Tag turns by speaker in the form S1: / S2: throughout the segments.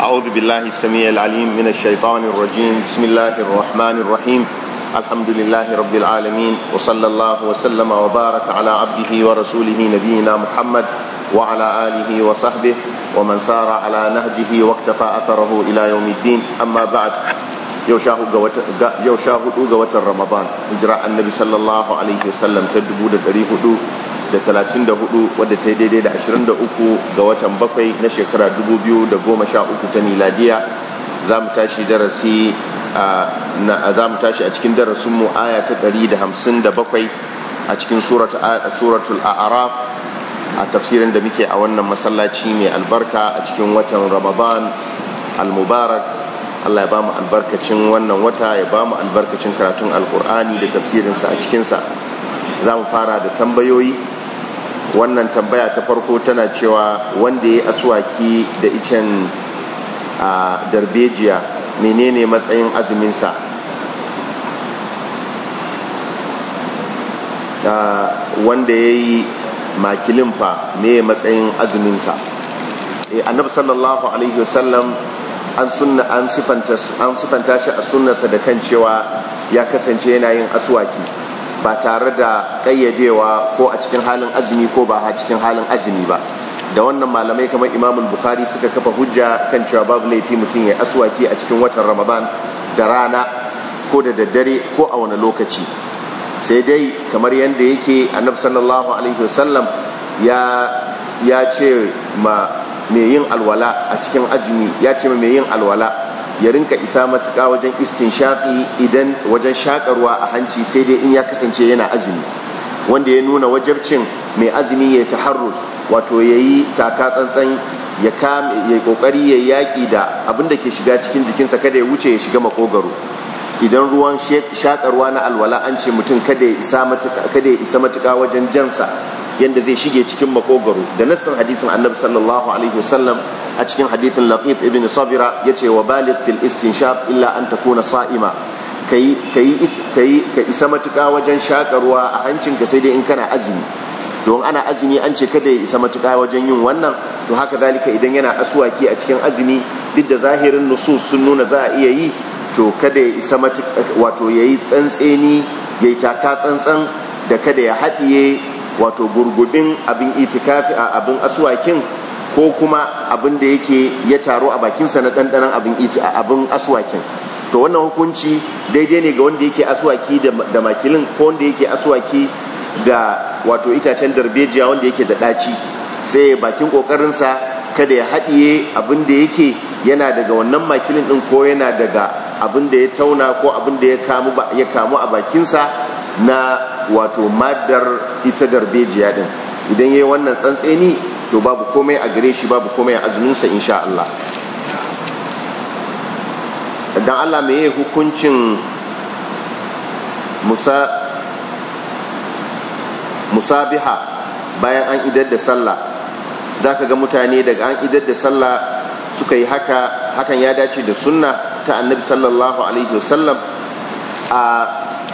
S1: أعوذ بالله السميع العليم من الشيطان الرجيم بسم الله الرحمن الرحيم الحمد لله رب العالمين وصلى الله وسلم وبارك على عبده ورسوله نبينا محمد وعلى آله وصحبه ومن سار على نهجه واكتفى أثره إلى يوم الدين أما بعد يوشاه دوغة رمضان إجراء النبي صلى الله عليه وسلم تدبود دريه دو da 34 wadda ta yi daidai da 23 ga watan bakwai na shekara 2013 ta miladiya za mu tashi darasi za mu tashi a cikin darasinmu aya ta 157 a cikin suratul a'raf a tafsirin da muke a wannan masallaci mai albarka a cikin watan ramadan al-mubarak Allah ya ba mu albarkacin wannan wata ya ba mu albarkacin karatun alkur'ani da tafsirinsa a cikinsa za mu fara da tambayoyi wannan tambaya ta farko tana cewa wanda ya asuwaki da icen darbejiya menene matsayin azuminsa wanda ya yi makilinfa ne matsayin azuminsa eh, annab sallallahu alaihi wasallam an sunna an sifanta shi a sunnarsa da kan cewa ya kasance yana yin asuwaki ba tare da kayyadewa ko a cikin halin azumi ko ba a cikin halin azumi ba da wannan malamai kamar imamul bukhari suka kafa hujja kan cewa babu laifi mutum ya aswaki a cikin watan ramadan da rana ko da daddare ko a wani lokaci sai dai kamar yadda yake annab sallallahu alaihi wasallam ya ya ce ma mai yin alwala a cikin azumi ya ce ma mai yin alwala ya rinka isa matuka wajen shaƙi idan wajen shakarwa a hanci sai dai in ya kasance yana azumi wanda ya nuna wajabcin mai azumi ya ta harus wato ya yi taka tsantsan ya kame ya kokari ya yaƙi da abin da ke shiga cikin jikinsa kada ya wuce ya shiga makogaro idan ruwan shakarwa na alwala an ce mutum kada ya isa matuka wajen jansa yadda zai shige cikin makogaro da nassin hadisin annabi sallallahu alaihi wasallam a cikin hadisin laqit ibn sabira yace wa baligh fil istinshaq illa an takuna sa'ima kai kai ka isa matuka wajen shakarwa a hancinka sai dai in kana azumi don ana azumi an ce kada ya isa matuka wajen yin wannan to haka zalika idan yana aswaki a cikin azumi duk da zahirin nusus sun nuna za a iya yi to kada ya isa wato ya yi tsantseni ya yi taka tsantsan da kada ya haɗiye wato gurgudin abin itikafi a abin asuwakin ko kuma abin da yake ya taro a bakinsa na ɗanɗanan abin abin asuwakin to wannan hukunci daidai ne ga wanda yake asuwaki da makilin ko wanda yake asuwaki da wato itacen darbejiya wanda yake da ɗaci sai bakin ƙoƙarinsa kada ya haɗiye abin da yake yana daga wannan makilin ɗin ko yana daga abin da ya tauna ko abin da ya kamu a bakinsa na wato madar ita darbejiya din idan ya yi wannan tsantseni to babu komai a gare shi babu komai a azuminsa insha Allah don Allah yi hukuncin musabiha bayan an idar da sallah za ga mutane daga an idar da sallah suka yi haka hakan ya dace da sunna ta annabi sallallahu alaihi wasallam a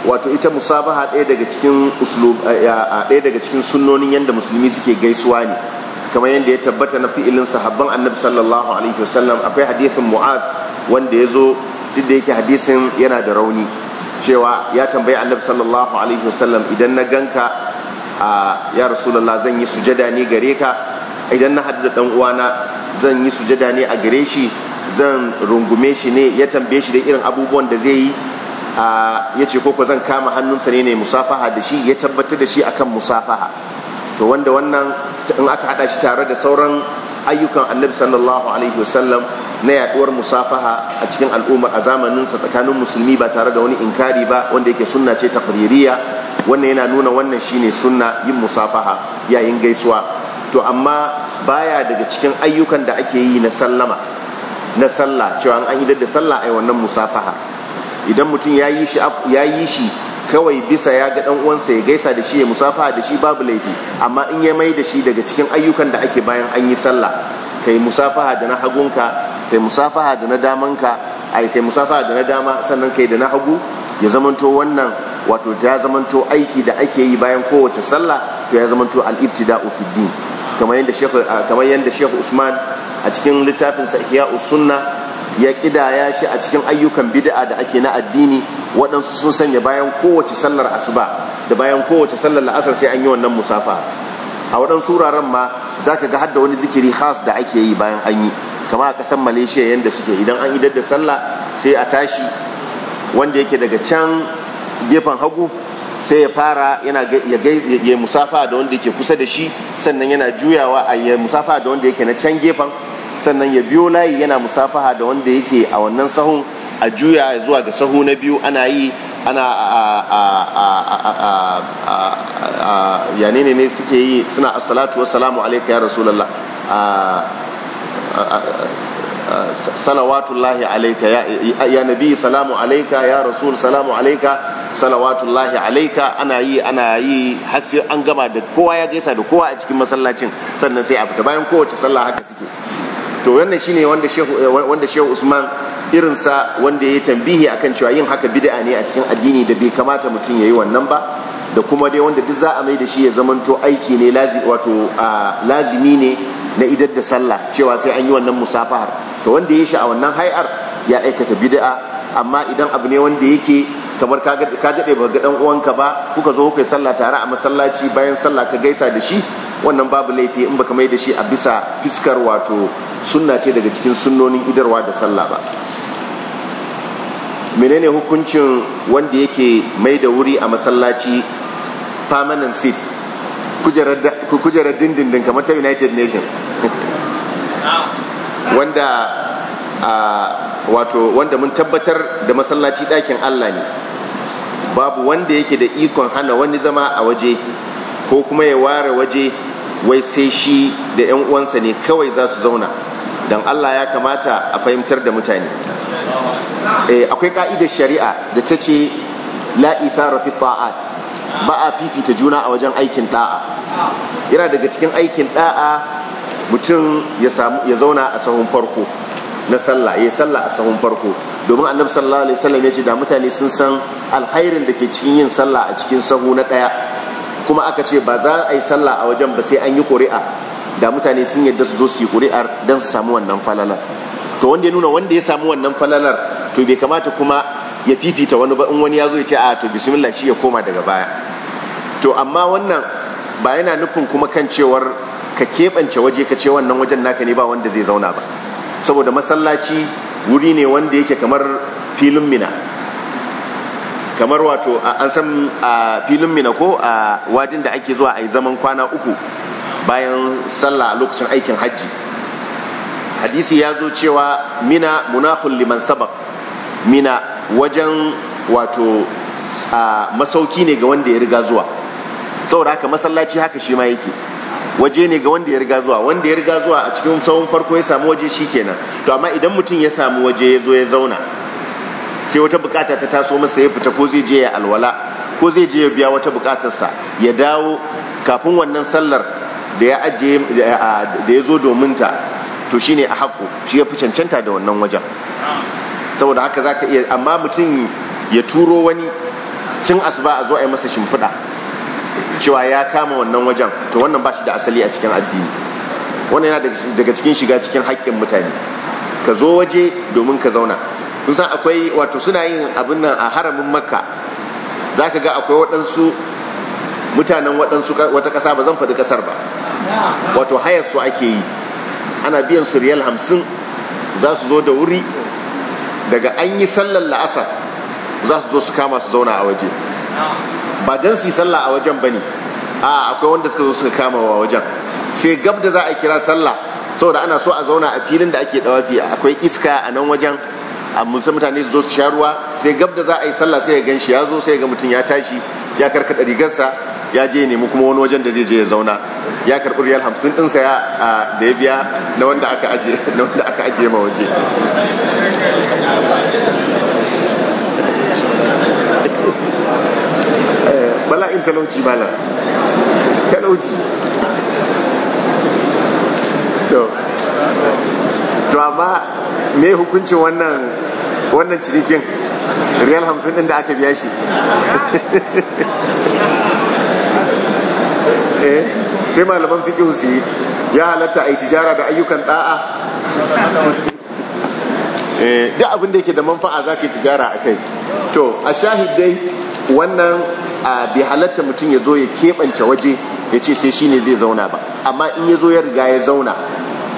S1: wato ita musabaha ɗaya daga cikin ɗaya daga cikin sunnonin yanda musulmi suke gaisuwa ne kamar yadda ya tabbata na fi'ilin sahabban annabi sallallahu alaihi wasallam akwai hadithin mu'ad wanda ya zo duk da yake hadisin yana da rauni cewa ya tambayi annabi sallallahu alaihi wasallam idan na ganka a ya rasulullah zan yi sujada ne gare ka idan na hadu da dan uwana zan yi sujada ne a gare shi zan rungume shi ne ya tambaye shi da irin abubuwan da zai yi ya ce koko zan kama hannunsa ne ne musafaha da shi ya tabbatar da shi akan musafaha to wanda wannan in aka haɗa shi tare da sauran ayyukan annabi sallallahu alaihi wasallam na yaɗuwar musafaha a cikin al'ummar a zamaninsa tsakanin musulmi ba tare da wani inkari ba wanda yake sunna ce taqririya wannan yana nuna wannan shine sunna yin musafaha yayin gaisuwa to amma baya daga cikin ayyukan da ake yi na sallama na sallah cewa an idar da sallah ai wannan musafaha idan mutum ya yi shi ya shi kawai bisa ya ga dan uwansa ya gaisa da shi ya musafaha da shi babu laifi amma in ya mai da shi daga cikin ayyukan da ake bayan an yi sallah kai musafaha da na hagunka kai musafaha da na damanka ai kai musafaha da na dama sannan kai da na hagu ya zamanto wannan wato ya zamanto aiki da ake yi bayan kowace sallah to ya zamanto al-ibtida'u fid din kamar yadda shekhu Usman a cikin littafin sa Ihya Sunna ya kidaya shi a cikin ayyukan bid'a da ake na addini waɗansu sun sanya bayan kowace sallar asuba da bayan kowace sallar la'asar sai an yi wannan musafa a waɗansu wuraren ma za ka ga hadda wani zikiri khas da ake yi bayan an yi kama a ƙasar Malaysia yadda suke idan an idar da sallah sai a tashi wanda yake daga can gefen hagu sai ya fara yana ya musafa da wanda yake kusa da shi sannan yana juyawa a ya musafa da wanda yake na can gefen sannan ya biyo layi yana musafaha da wanda yake a wannan sahun a juya zuwa ga sahu na biyu ana yi ana Ya ne ne suke yi suna assalatu wassalamu alaika ya rasulallah salawatullahi alaika ya nabi salamu alaika ya rasul salamu alaika salawatullahi alaika ana yi ana yi har an gama da kowa ya gaisa da kowa a cikin masallacin sannan sai a fita bayan kowace sallah haka suke to wannan shine wanda shehu wanda shehu Usman irin sa wanda yayi tambihi akan cewa yin haka bid'a ne a cikin addini da bai kamata mutum yayi wannan ba da kuma dai wanda duk za a mai da shi ya zamanto aiki ne lazimi wato lazimi ne na idar da sallah cewa sai an yi wannan musafahar to wanda ya shi a wannan hai'ar ya aikata bid'a amma idan abu ne wanda yake kamar ka daɗe ba ga ɗan uwanka ba kuka zo kuka sallah tare a masallaci bayan sallah ka gaisa da shi wannan babu laifi in baka mai da shi a bisa fiskar wato sunna ce daga cikin sunnonin idarwa da sallah ba menene hukuncin wanda yake mai da wuri a masallaci permanent seat kujerar dindindin kamar ta united nation wanda wato wanda mun tabbatar da masallaci ɗakin allah ne babu wanda yake da ikon hana wani zama a waje ko kuma ya ware waje wai sai shi da 'yan uwansa ne kawai za su zauna don allah ya kamata a fahimtar da mutane eh, akwai ka'idar shari'a da ta ce La'isa fi ta'at ba a fifita juna a wajen aikin da'a yana daga cikin aikin da'a mutum ya zauna a sahun farko na sallah ya sallah a sahun farko domin annabi sallallahu alaihi wasallam ya ce da mutane sun san alhairin da ke cikin yin sallah a cikin sahu na daya kuma aka ce ba za a yi sallah a wajen ba sai an yi ƙuri'a da mutane sun yadda su zo su yi ƙuri'ar don su samu wannan falalar to wanda ya nuna wanda ya samu wannan falalar to bai kamata kuma ya fifita wani ba in wani ya zo ya ce a ah, to bismillah shi ya koma daga baya to amma wannan ba yana nufin kuma kan cewar ka keɓance waje ka ce wannan wajen naka ne ba wanda zai zauna ba saboda masallaci wuri ne wanda yake kamar filin mina kamar wato an san a filin mina ko a wajen da ake zuwa a yi zaman kwana uku bayan sallah a lokacin aikin hajji hadisi ya zo cewa mina munafin liman sabab mina wajen wato a masauki ne ga wanda ya riga zuwa saboda haka masallaci haka shi ma yake waje ne ga wanda ya riga zuwa wanda ya riga zuwa a cikin tsawon farko ya samu waje shi kenan to amma idan mutum ya samu waje ya zo ya zauna sai wata bukata ta taso masa ya fita ko zai je ya alwala ko zai je ya biya wata bukatarsa ya dawo kafin wannan sallar da ya aje da ya zo domin ta to shine a haƙo shi ya fi cancanta da wannan wajen saboda haka za ka iya amma mutum ya turo wani cin asuba a zo a yi masa shimfiɗa cewa ya kama wannan wajen to wannan ba shi da asali a cikin addini wannan yana daga cikin shiga cikin haƙƙin mutane ka zo waje domin ka zauna kun san akwai wato suna yin abin nan a haramin makka za ka ga akwai waɗansu mutanen waɗansu wata ƙasa ba zan faɗi ƙasar ba wato hayar su ake yi ana biyan su riyal hamsin za su zo da wuri daga an yi sallar la'asa za su zo su kama su zauna a waje ba don su yi sallah a wajen ba ne a akwai wanda suka zo suka kama wa wajen sai gab da za a kira sallah saboda ana so a zauna a filin da ake dawafi akwai iska a nan wajen a musa mutane su zo su sha ruwa sai gab da za a yi sallah sai ya gan shi ya zo sai ga mutum ya tashi ya karkata rigarsa ya je ne kuma wani wajen da zai je ya zauna ya karɓi riyal hamsin ɗin ya da ya biya na wanda aka aje na wanda aka aje ma waje eh, bala'in talauci bala talauci to to amma me hukuncin wannan wannan cinikin riyal hamsin ɗin da aka biya shi Eh, sai malaman fiqh su ya halatta a yi tijara da ayyukan da'a Da eh, duk abin da yake da manfa'a zaka tijara kai. to a shahidai wannan bi halatta mutum ya zo ya keɓance waje ya ce sai shi ne zai zauna ba amma in ya zo ya riga ya zauna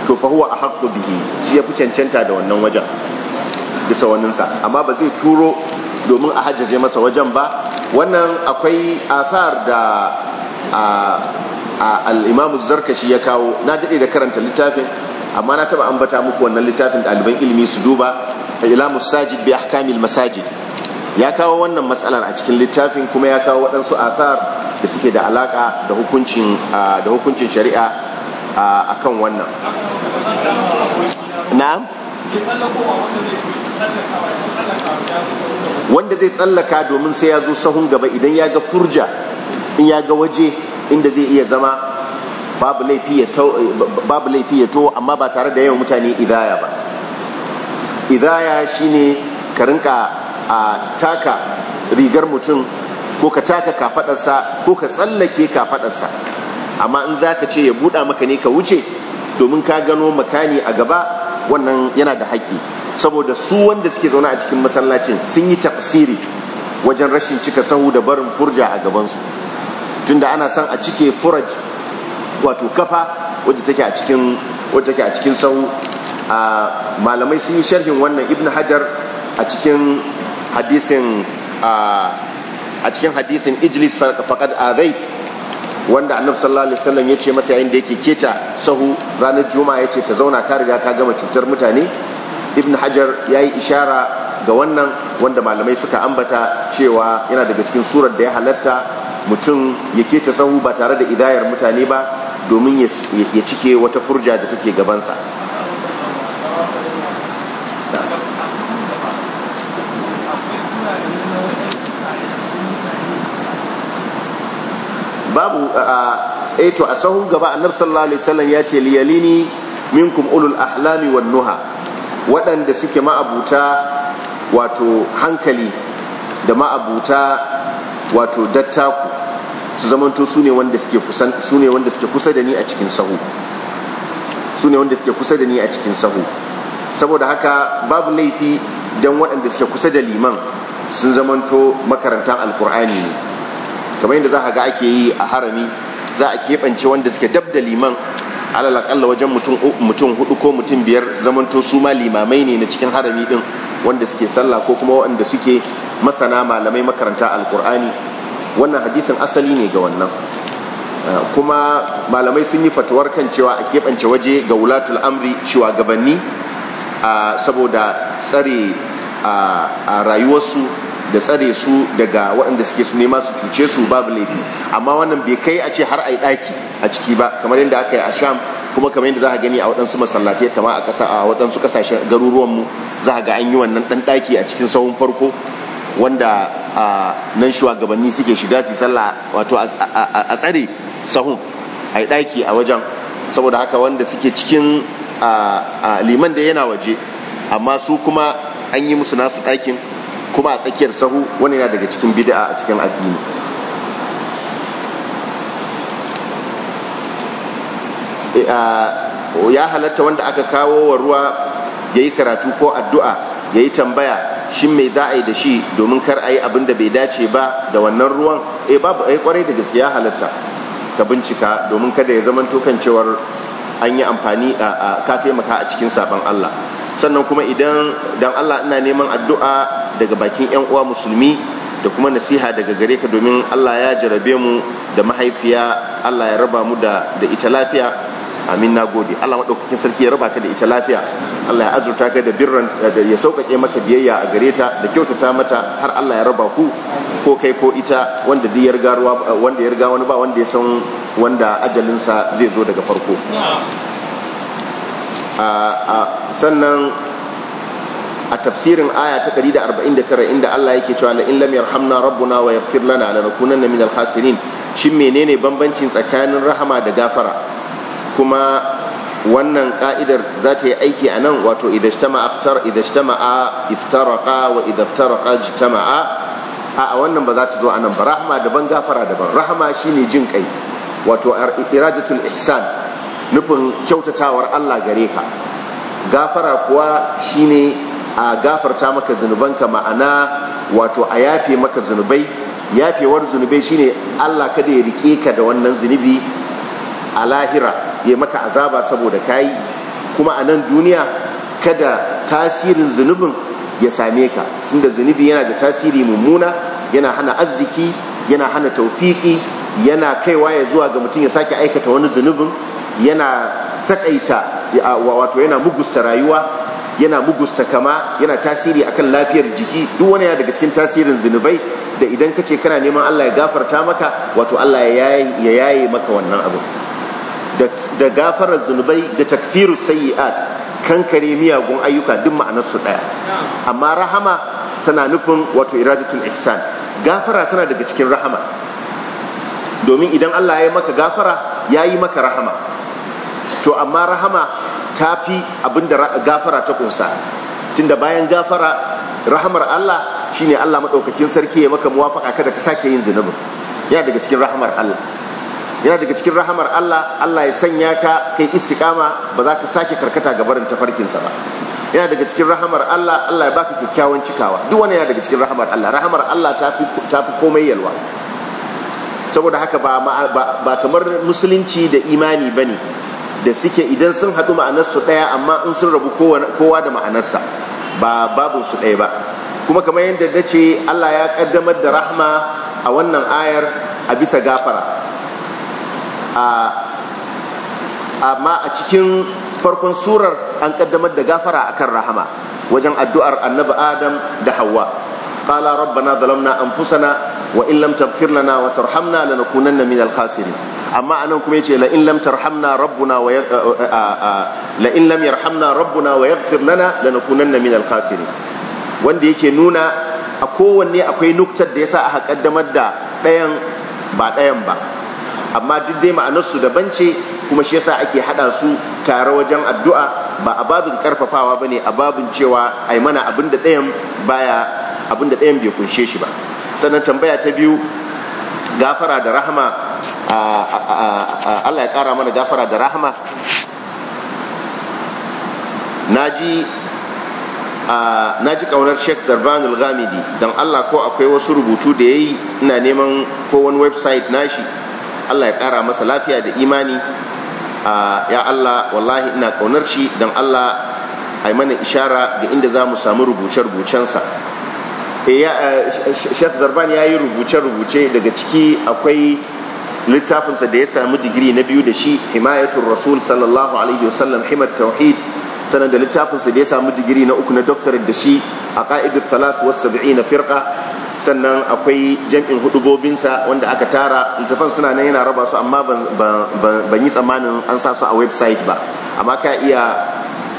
S1: to fahuwa a ahqqu bihi shi ya fi cancanta da wannan wajen bisa waninsa amma ba zai turo domin a hajjaje masa wajen ba wannan akwai asar da al'imamu zarkashi ya kawo na daɗe da karanta littafin amma na taɓa ambata muku wannan littafin ɗaliban ilimi su duba ilamus sajid bi ahkamil masajid ya kawo wannan matsalar a cikin littafin kuma ya kawo waɗansu asar da suke da alaƙa da hukuncin shari'a a kan wannan na'am wanda zai tsallaka domin sai ya zo sahun gaba idan ya ga furja in ya ga waje inda zai iya zama babu laifi ya to amma ba tare da yawan mutane idaya ba idaya shine ka rinka a taka rigar mutum ko ka taka kafadarsa ko ka tsallake kafadarsa amma in za ka ce ya buɗa maka ne ka wuce domin ka gano makani a gaba wannan yana da haƙƙi saboda su wanda suke zaune a cikin masallacin sun yi tafsiri wajen rashin cika sahu da barin furja a gabansu tunda ana san a cike furaj wato kafa wadda take a cikin wadda take a cikin sau a malamai sun yi sharhin wannan ibn hajar a cikin hadisin a cikin hadisin ijlis faqad azait wanda annabi sallallahu alaihi wasallam ya ce masa yayin da yake keta sahu ranar juma'a ya ce ka zauna ka riga ka gama cutar mutane ibn hajar ya yi ishara ga wannan wanda malamai suka ambata cewa yana daga cikin surar da ya halatta mutum ya keta sahu ba tare da idayar mutane ba domin ya cike wata furja da take gabansa babu a eto a sahun gaba a sallallahu alaihi wasallam ya ce liyalini minkum ulul ahlami wan nuha waɗanda suke ma'abuta wato hankali da ma'abuta wato dattaku su zamanto su ne wanda suke kusa da ni a cikin sahu su ne wanda suke kusa da ni a cikin sahu saboda haka babu laifi dan waɗanda suke kusa da liman sun zamanto makarantar alkur'ani ne kamar yadda za a ga ake yi a harami za a keɓance wanda suke dab da liman alalakalla wajen mutum hudu ko mutum biyar zamanto su ma limamai ne na cikin harami ɗin wanda suke sallah ko kuma wanda suke masana malamai makaranta alkur'ani wannan hadisin asali ne ga wannan ah, kuma malamai sun yi fatuwar kan cewa a keɓance waje ga wulatul amri shugabanni ah, saboda tsare a ah, rayuwarsu da tsare su daga waɗanda suke su nema su cuce su babu laifi amma wannan bai kai a ce har a yi ɗaki a ciki ba kamar yadda aka yi a sham kuma kamar yadda za a gani a waɗansu masallatai kama a ƙasa a waɗansu ƙasashen garuruwanmu za a ga an yi wannan ɗan ɗaki a cikin sahun farko wanda a nan shugabanni suke shiga su sallah wato a tsare sahun a yi ɗaki a wajen saboda haka wanda suke cikin liman da yana waje amma su kuma an yi musu nasu ɗakin kuma a tsakiyar sahu wani yana daga cikin bid'a a cikin addini eh, ya halatta wanda aka kawo wa ruwa ya yi karatu ko addu'a ya yi tambaya shin mai za a yi da shi domin kar a yi abin da bai dace ba da wannan ruwan e babu a eh, yi kwarai da gaske ya halatta ka bincika domin kada ya zama tokancewar an yi amfani ka taimaka a cikin sabon Allah sannan kuma idan dan Allah ina neman addu'a daga bakin yan uwa musulmi da kuma nasiha daga gare ka domin Allah ya jarabe mu da mahaifiya Allah ya raba mu da da ita lafiya amin nagode Allah madaukakin sarki ya raba ka da ita lafiya Allah ya azurta ka da birran da ya sauƙaƙe maka biyayya a gare ta da kyautata mata har Allah ya raba ku ko kai ko ita wanda duk ya wanda yarga wani ba wanda ya san wanda ajalinsa zai zo daga farko sannan a tafsirin aya ta 149 inda Allah yake cewa la in lam yarhamna rabbuna wa yaghfir lana lanakunanna minal khasirin shin menene bambancin tsakanin rahama da gafara kuma wannan ka'idar za ta yi aiki a nan wato idajtama aftar idajtama iftaraqa wa idaftaraqa jtama'a a wannan ba za ta zo a nan ba rahama daban gafara daban rahama shine jin kai wato iradatul ihsan nufin kyautatawar Allah gare ka gafara kuwa shine a gafarta maka zunubanka ma'ana wato a yafe maka zunubai yafewar zunubai shine Allah kada ya rike ka da wannan zunubi a lahira ya maka azaba saboda kayi kuma a nan duniya kada tasirin zunubin ya same ka tunda zunubi yana da tasiri mummuna yana hana arziki yana hana taufiki yana kaiwa ya zuwa ga mutum ya sake aikata wani zunubin yana takaita wato yana mugusta rayuwa yana mugusta kama yana tasiri akan lafiyar jiki duk wani ya daga cikin tasirin zunubai da idan kace kana neman Allah ya gafarta maka wato Allah ya yaye maka wannan abu da gafarar zunubai da takfirus sayyi'at kankare miyagun ayyuka duk ma'anar su ɗaya amma rahama tana nufin wato iradatul ihsan gafara tana daga cikin rahama domin idan Allah ya yi maka gafara ya yi maka rahama to amma rahama ta fi abinda gafara ta kunsa tunda bayan gafara rahamar Allah shine Allah maɗaukakin sarki ya maka muwafaka kada ka sake yin zunubin yana daga cikin rahamar Allah yana daga cikin rahamar Allah Allah ya sanya ka kai istiqama ba za ka sake karkata ga barin tafarkinsa ba yana daga cikin rahamar Allah Allah ya baka kyakkyawan cikawa duk wani yana daga cikin rahamar Allah rahamar Allah ta fi komai yalwa saboda haka ba ba kamar musulunci da imani bane da suke idan sun haɗu ma'anarsu ɗaya amma in sun rabu kowa da ma'anarsa ba babu su ɗaya ba kuma kamar yadda dace Allah ya ƙaddamar da rahma a wannan ayar a bisa gafara amma a cikin farkon surar an kaddamar da gafara akan rahama wajen addu'ar annabi adam da hawa qala rabbana zalamna anfusana wa in lam taghfir lana wa tarhamna lanakunanna min khasirin amma anan kuma yace la in lam tarhamna rabbuna wa la in lam rabbuna wa yaghfir lana lanakunanna min khasirin wanda yake nuna a kowanne akwai nuktar da ya yasa aka kaddamar da ɗayan ba ɗayan ba amma duk dai ma'anarsu daban ce kuma shi yasa ake hada su tare wajen addu'a ba a babin karfafawa bane a babin cewa ai mana abin da ɗayan baya abin da ɗayan bai kunshe shi ba sannan tambaya ta biyu gafara da rahama Allah ya kara mana gafara da rahama naji na ji kaunar sheikh zarban al-ghamidi don allah ko akwai wasu rubutu da yayi ina neman ko wani website nashi Allah ya kara masa lafiya da imani ya Allah wallahi ina ƙaunar shi don Allah ai mana ishara ga inda zamu samu rubuce-rubucensa eh, eh, shek zarban ya yi rubuce-rubuce daga ciki akwai littafinsa da ya samu digiri na biyu da shi himayatul rasul sallallahu alaihi wasallam himar tauhid sanar da littafinsa da ya samu digiri na uku na doctorate da shi a ka'idar talat wasu sabi'i na firka sannan akwai jam'in hudubobinsa wanda aka tara littafan suna nan yana raba su amma ban yi tsammanin an sa su a website ba amma ka iya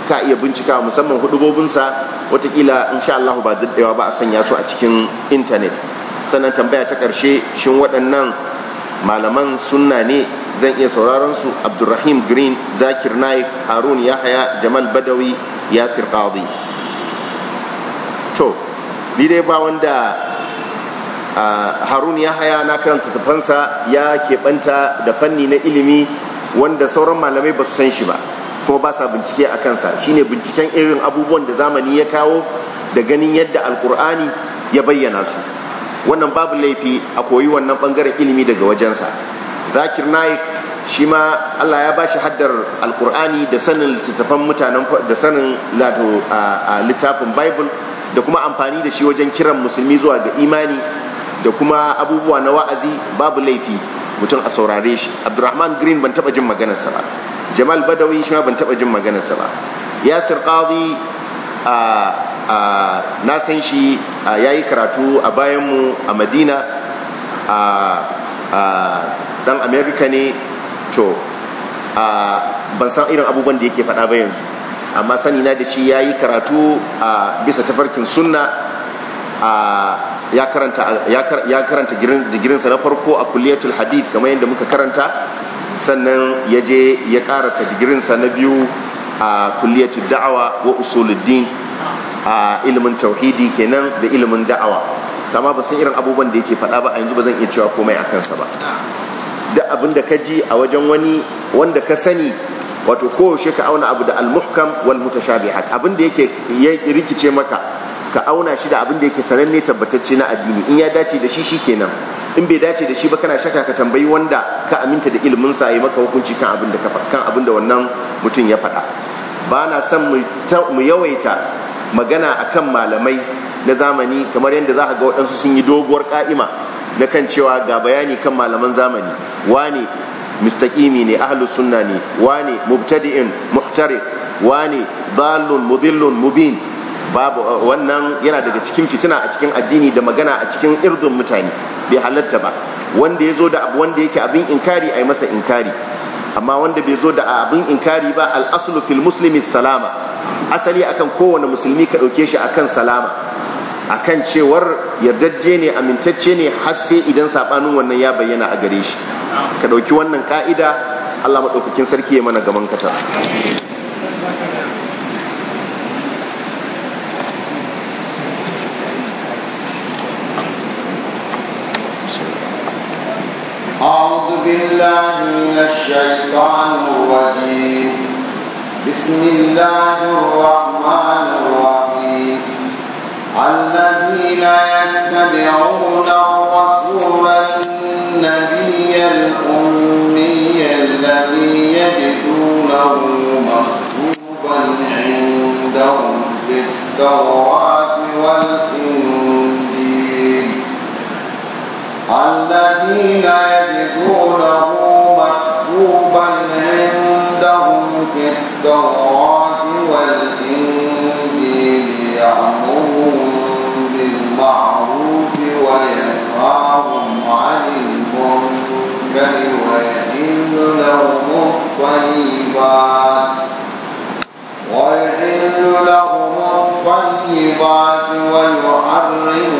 S1: ka iya bincika musamman hudubobinsa watakila insha Allah ba daddewa ba a sanya su a cikin intanet sannan tambaya ta karshe shin waɗannan malaman sunna ne zan iya sauraron su abdurrahim green zakir Naif, harun yahaya jamal badawi yasir qadi to ni dai ba wanda harun yahaya na karanta tafansa ya keɓanta da fanni na ilimi wanda sauran malamai ba su san shi ba ko ba sa bincike a kansa shine binciken irin abubuwan da zamani ya kawo da ganin yadda alkur'ani ya bayyana su wannan babu laifi a koyi wannan bangaren ilimi daga wajensa zakir naik shi ma Allah ya bashi haddar alkur'ani da sanin littattafan mutanen da sanin lato a littafin bible da kuma amfani da shi wajen kiran musulmi zuwa ga imani da kuma abubuwa na wa'azi babu laifi mutum a saurare shi abdurrahman green ban taba jin maganarsa ba jamal badawi shi ma ban taba jin maganarsa ba yasir qadi a na san shi ya yi karatu a bayanmu a madina dan amerika ne to ban san irin abubuwan da yake faɗa ba yanzu amma sani na da shi ya yi karatu a bisa tafarkin sunna ya karanta digirinsa na farko a kulliyatul hadith kamar yadda muka karanta sannan ya je ya karasa digirinsa na biyu a kuliyatul da'awa wa usuluddin a ilimin tauhidi kenan da ilimin da'awa kama ba san irin abubuwan da yake faɗa ba a yanzu ba zan iya cewa komai a kansa ba da abin da ka ji a wajen wani wanda ka sani wato kowace ka auna abu da almuhkam wal mutashabihat abin da yake ya rikice maka ka auna shi da abin da yake sananne tabbatacce na addini in ya dace da shi kenan. in bai dace da shi ba kana shaka ka tambayi wanda ka aminta da ilimin sa yi maka hukunci kan abin da kan abin da wannan mutum ya faɗa ba na son mu yawaita magana akan malamai na zamani kamar yadda za ka ga waɗansu sun yi doguwar ka'ima na kan cewa ga bayani kan malaman zamani wane mistaƙimi ne ahlus sunna ne wane mubtadi'in muhtari wane dallun mudillun mubin babu wannan yana daga cikin fitina a cikin addini da magana a cikin irdun mutane bai halatta ba wanda ya zo da abu wanda yake abin inkari a yi masa inkari amma wanda bai zo da abin inkari ba al'asulu fil muslimi salama asali akan kowane musulmi ka ɗauke shi akan salama akan cewar yardajje ne amintacce ne har sai idan saɓanin wannan ya bayyana a gare shi ka ɗauki wannan ka'ida Allah maɗaukakin sarki ya mana gaban kata
S2: أعوذ بالله من الشيطان الرجيم بسم الله الرحمن الرحيم الذين يتبعون الرسول النبي الأمي الذي يجدونه مكتوبا عندهم في التوراة والكتاب الذين يجدونه مكتوبا عندهم في التوراة والإنجيل يأمرهم بالمعروف وينهاهم عن المنكر ويحل لهم الطيبات ويحل لهم الطيبات ويحرم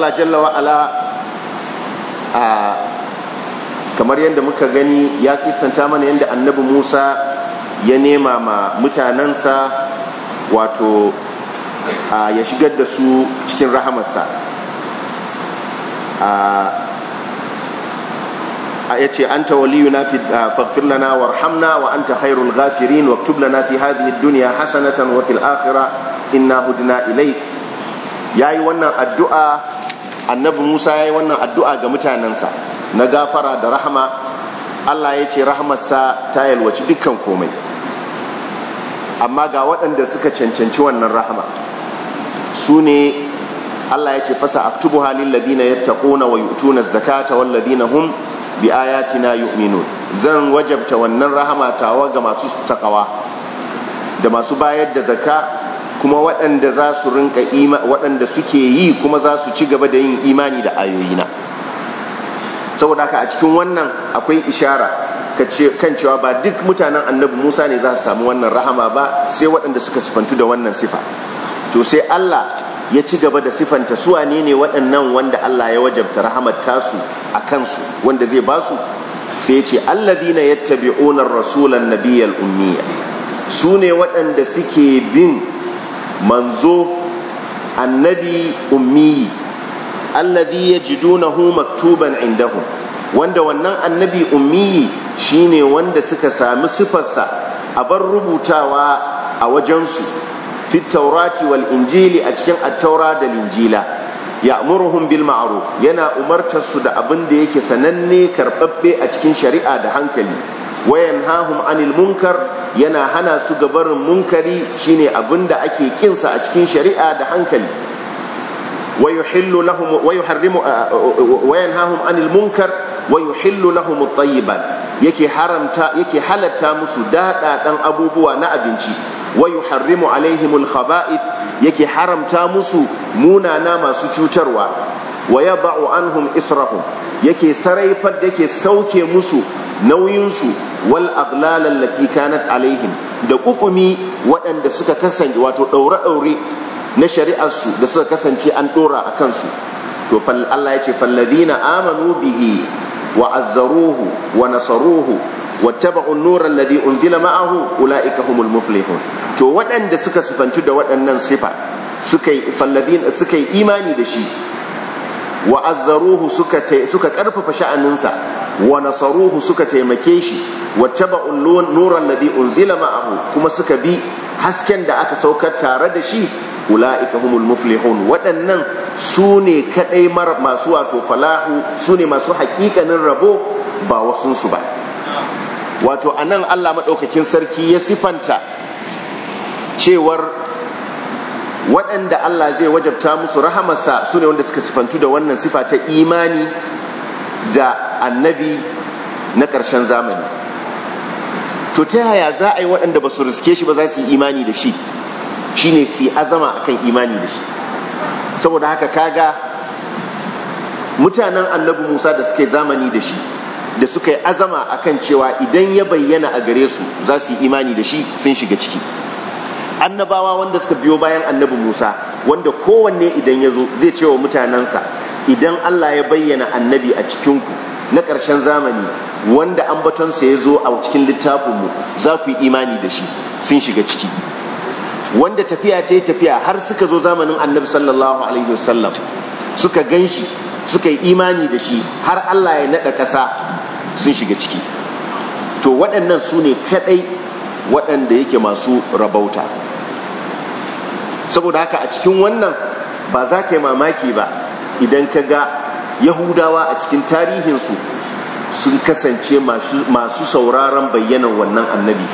S1: Allah jalla wa'ala a kamar yadda muka gani ya kisanta mana yadda annabi Musa ya nema ma mutanensa wato ya shigar da su cikin rahamarsa a ya ce an fi faghfir lana hamna, wa an ta anta gafirin, wa tubla na fi hadhihi duniya hasanatan wa fil akhirah inna ilai. Ya yi wannan addu'a annabi musa ya yi wannan addu'a ga mutanensa na gafara da rahama allah ya ce rahamarsa ta yalwaci dukkan komai amma ga waɗanda suka cancanci wannan rahama su ne allah ya ce fasa aktubu halin ladina ya taƙona wa Zaka zakata wal ladina hum bi yi yu'minun zan wajabta wannan rahama tawa ga masu takawa da masu bayar da zaka kuma waɗanda za su rinka waɗanda suke yi kuma za su ci gaba da yin imani da ayoyina saboda haka a cikin wannan akwai ishara kan cewa ba duk mutanen annabi musa ne za su samu wannan rahama ba sai waɗanda suka sifantu da wannan sifa to sai allah ya ci gaba da sifanta su wanene ne waɗannan wanda Allah ya wajabta rahamar tasu a kansu wanda zai ba su sai ya ce alladina yattabi'una rasulan nabiyyal ummiya su ne waɗanda suke bin manzo annabi ummi alladhi yajidunahu maktuban indahum wanda wannan annabi ummi shine wanda suka sami sifarsa a bar rubutawa a wajensu fit taurati wal injili a cikin attaura da linjila ya'muruhum bil ma'ruf yana umartar su da abin da yake sananne karbabbe a cikin shari'a da hankali wayan hahum anil munkar yana hana su gabarin munkari shine abinda ake kinsa a cikin shari'a da hankali ويحل لهم ويحرم وينهاهم عن المنكر ويحل لهم yake haramta halatta musu dadadan abubuwa na abinci wayu harrimu alaihimul haba'id yake haramta musu munana masu cutarwa wa yada'u anhum israhum yake saraifar yake sauke musu nauyinsu wal aghlal allati kanat alaihim da kukumi waɗanda suka kasance wato daure daure na shari'ar su da suka kasance an dora a kansu to Allah yace falladina amanu bihi wa azzaruhu wa nasaruhu wattaba'u an-nura alladhi unzila ma'ahu ulaika humul muflihun to waɗanda suka sifantu da waɗannan sifa suka suka yi imani da shi wa azzaruhu suka suka karfafa sha'aninsa wa nasaruhu suka taimake shi wa taba'u nuran ladhi unzila ma'ahu kuma suka bi hasken da aka saukar tare da shi ulaika humul muflihun waɗannan su ne kadai masu wato falahu sune masu haƙiƙanin rabo ba su ba wato anan Allah madaukakin sarki ya sifanta cewar waɗanda Allah zai wajabta musu rahamarsa su ne wanda suka sifantu da wannan sifa ta imani da annabi na ƙarshen zamani to ta yaya za a yi waɗanda ba su riske shi ba za su yi imani da shi shi ne su azama akan imani da shi saboda haka kaga mutanen annabi musa da suka yi zamani da shi da suka yi azama kan cewa idan ya bayyana a gare su za su yi imani da shi sun shiga ciki annabawa wanda suka biyo bayan annabi Musa wanda kowanne idan ya zo zai ce wa mutanensa idan Allah ya bayyana annabi a cikinku na ƙarshen zamani wanda ambatonsa ya zo a cikin littafinmu za ku yi imani da shi sun shiga ciki wanda tafiya ta yi tafiya har suka zo zamanin annabi sallallahu alaihi wasallam suka gan shi suka yi imani da shi har Allah ya naɗa ƙasa sun shiga ciki to waɗannan su ne kaɗai waɗanda yake masu rabauta saboda haka a cikin wannan ba za ka yi mamaki ba idan ka ga yahudawa a cikin tarihinsu sun kasance masu sauraron bayyanan wannan annabi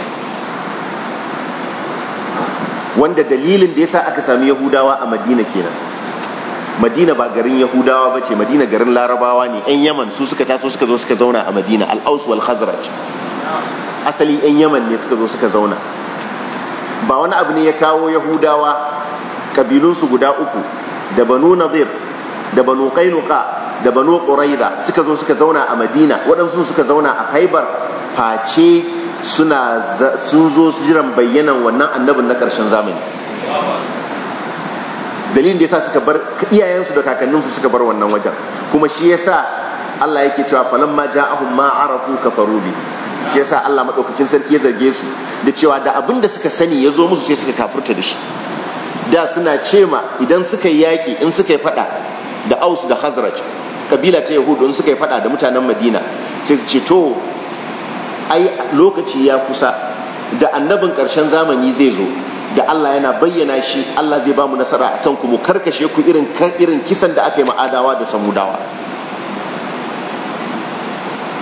S1: wanda dalilin da ya sa aka sami yahudawa a madina kenan madina ba garin yahudawa ba ce madina garin larabawa ne 'yan yaman su suka taso suka zo suka zauna a madina al'ausu wal khazraj asali 'yan yaman ne suka zo suka zauna ba wani abu ne ya kawo yahudawa kabilunsu guda uku da banu nazir da banu kainuka da banu ƙuraiza suka zo suka zauna a madina waɗansu suka zauna a haibar face suna sun zo su jiran bayyanan wannan annabin na ƙarshen zamani dalilin da yasa suka bar iyayensu da kakanninsu suka bar wannan wajen kuma shi yasa Allah yake cewa falamma ja'ahum ma arafu shi yasa Allah madaukakin sarki ya zarge su da cewa da abin da suka sani ya zo musu sai suka kafurta da shi da suna cema idan suka yi yaƙi in suka yi fada da aus da hazraj kabila ta yahudu in suka yi fada da mutanen madina sai su ce to ai lokaci ya kusa da annabin ƙarshen zamani zai zo da Allah yana bayyana shi Allah zai ba mu nasara akan ku mu karkashe ku irin irin kisan da aka yi ma'adawa da samudawa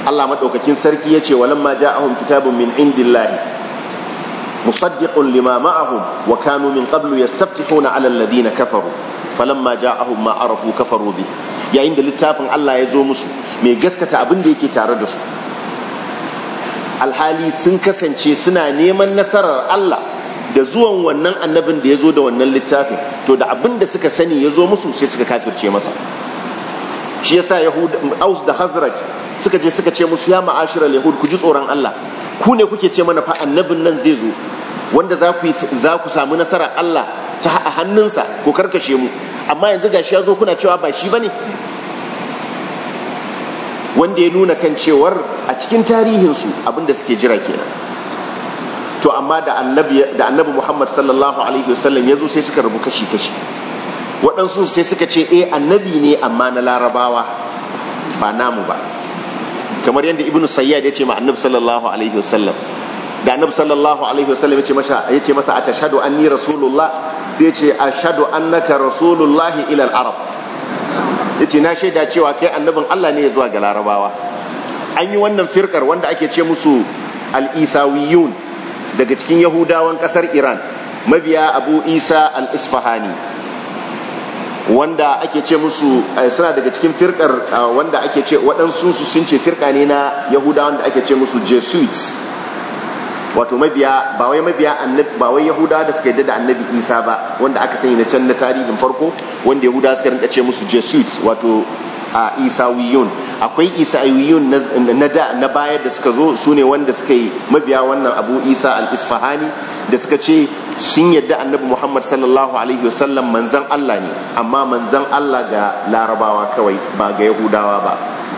S1: Allah maɗaukakin sarki yace walamma ahun kitabun min indillahi مصدق لما معهم وكانوا من قبل يستفتحون على الذين كفروا فلما جاءهم ma arafu كفروا به yayin da littafin Allah ya zo musu mai gaskata abin da yake tare da su alhali sun kasance suna neman nasarar Allah da zuwan wannan annabin da ya zo da wannan littafin to da abin da suka sani ya zo musu sai suka kafirce masa shi yasa yahud aus da hazrat suka je suka ce musu ya ma'ashirar yahud ku ji tsoron Allah ku ne kuke ce mana fa annabin nan zai zo wanda za ku samu nasara Allah ta hannunsa ko karkashe mu amma yanzu gashi ya zo kuna cewa ba shi ba ne? wanda ya nuna kan cewar a cikin tarihinsu abinda suke jira kenan to amma da annabi da annabi Muhammad sallallahu alaihi wasallam ya zo sai suka rubu kashi kashi waɗansu sai suka ce eh annabi ne amma na larabawa ba namu ba kamar yadda ibnu sayyad ya ce ma annabi sallallahu alaihi wasallam da annabi sallallahu alaihi wasallam ce masa yace masa atashhadu anni rasulullah sai yace ashhadu annaka rasulullahi ila al-arab Ya ce na shaida cewa kai annabin Allah ne zuwa ga larabawa an yi wannan firkar wanda ake ce musu al-isawiyun daga cikin yahudawan kasar Iran mabiya Abu Isa al-Isfahani wanda ake ce musu eh, suna daga cikin firkar ah, wanda ake ce waɗansu su sun ce firka ne na yahudawa wanda ake ce musu jesuits wato mabiya ba wai mabiya annabi ba wai yahudawa da suka yadda da annabi isa ba wanda aka sanya na can na tarihin farko wanda yahudawa suka rinka ce musu jesuits wato a isawiyun akwai isawiyun na da na baya da suka zo su ne wanda suka yi mabiya wannan abu isa al-isfahani da suka ce sun yadda annabi muhammad sallallahu alaihi wasallam manzan allah ne amma manzan allah ga larabawa kawai ba ga yahudawa ba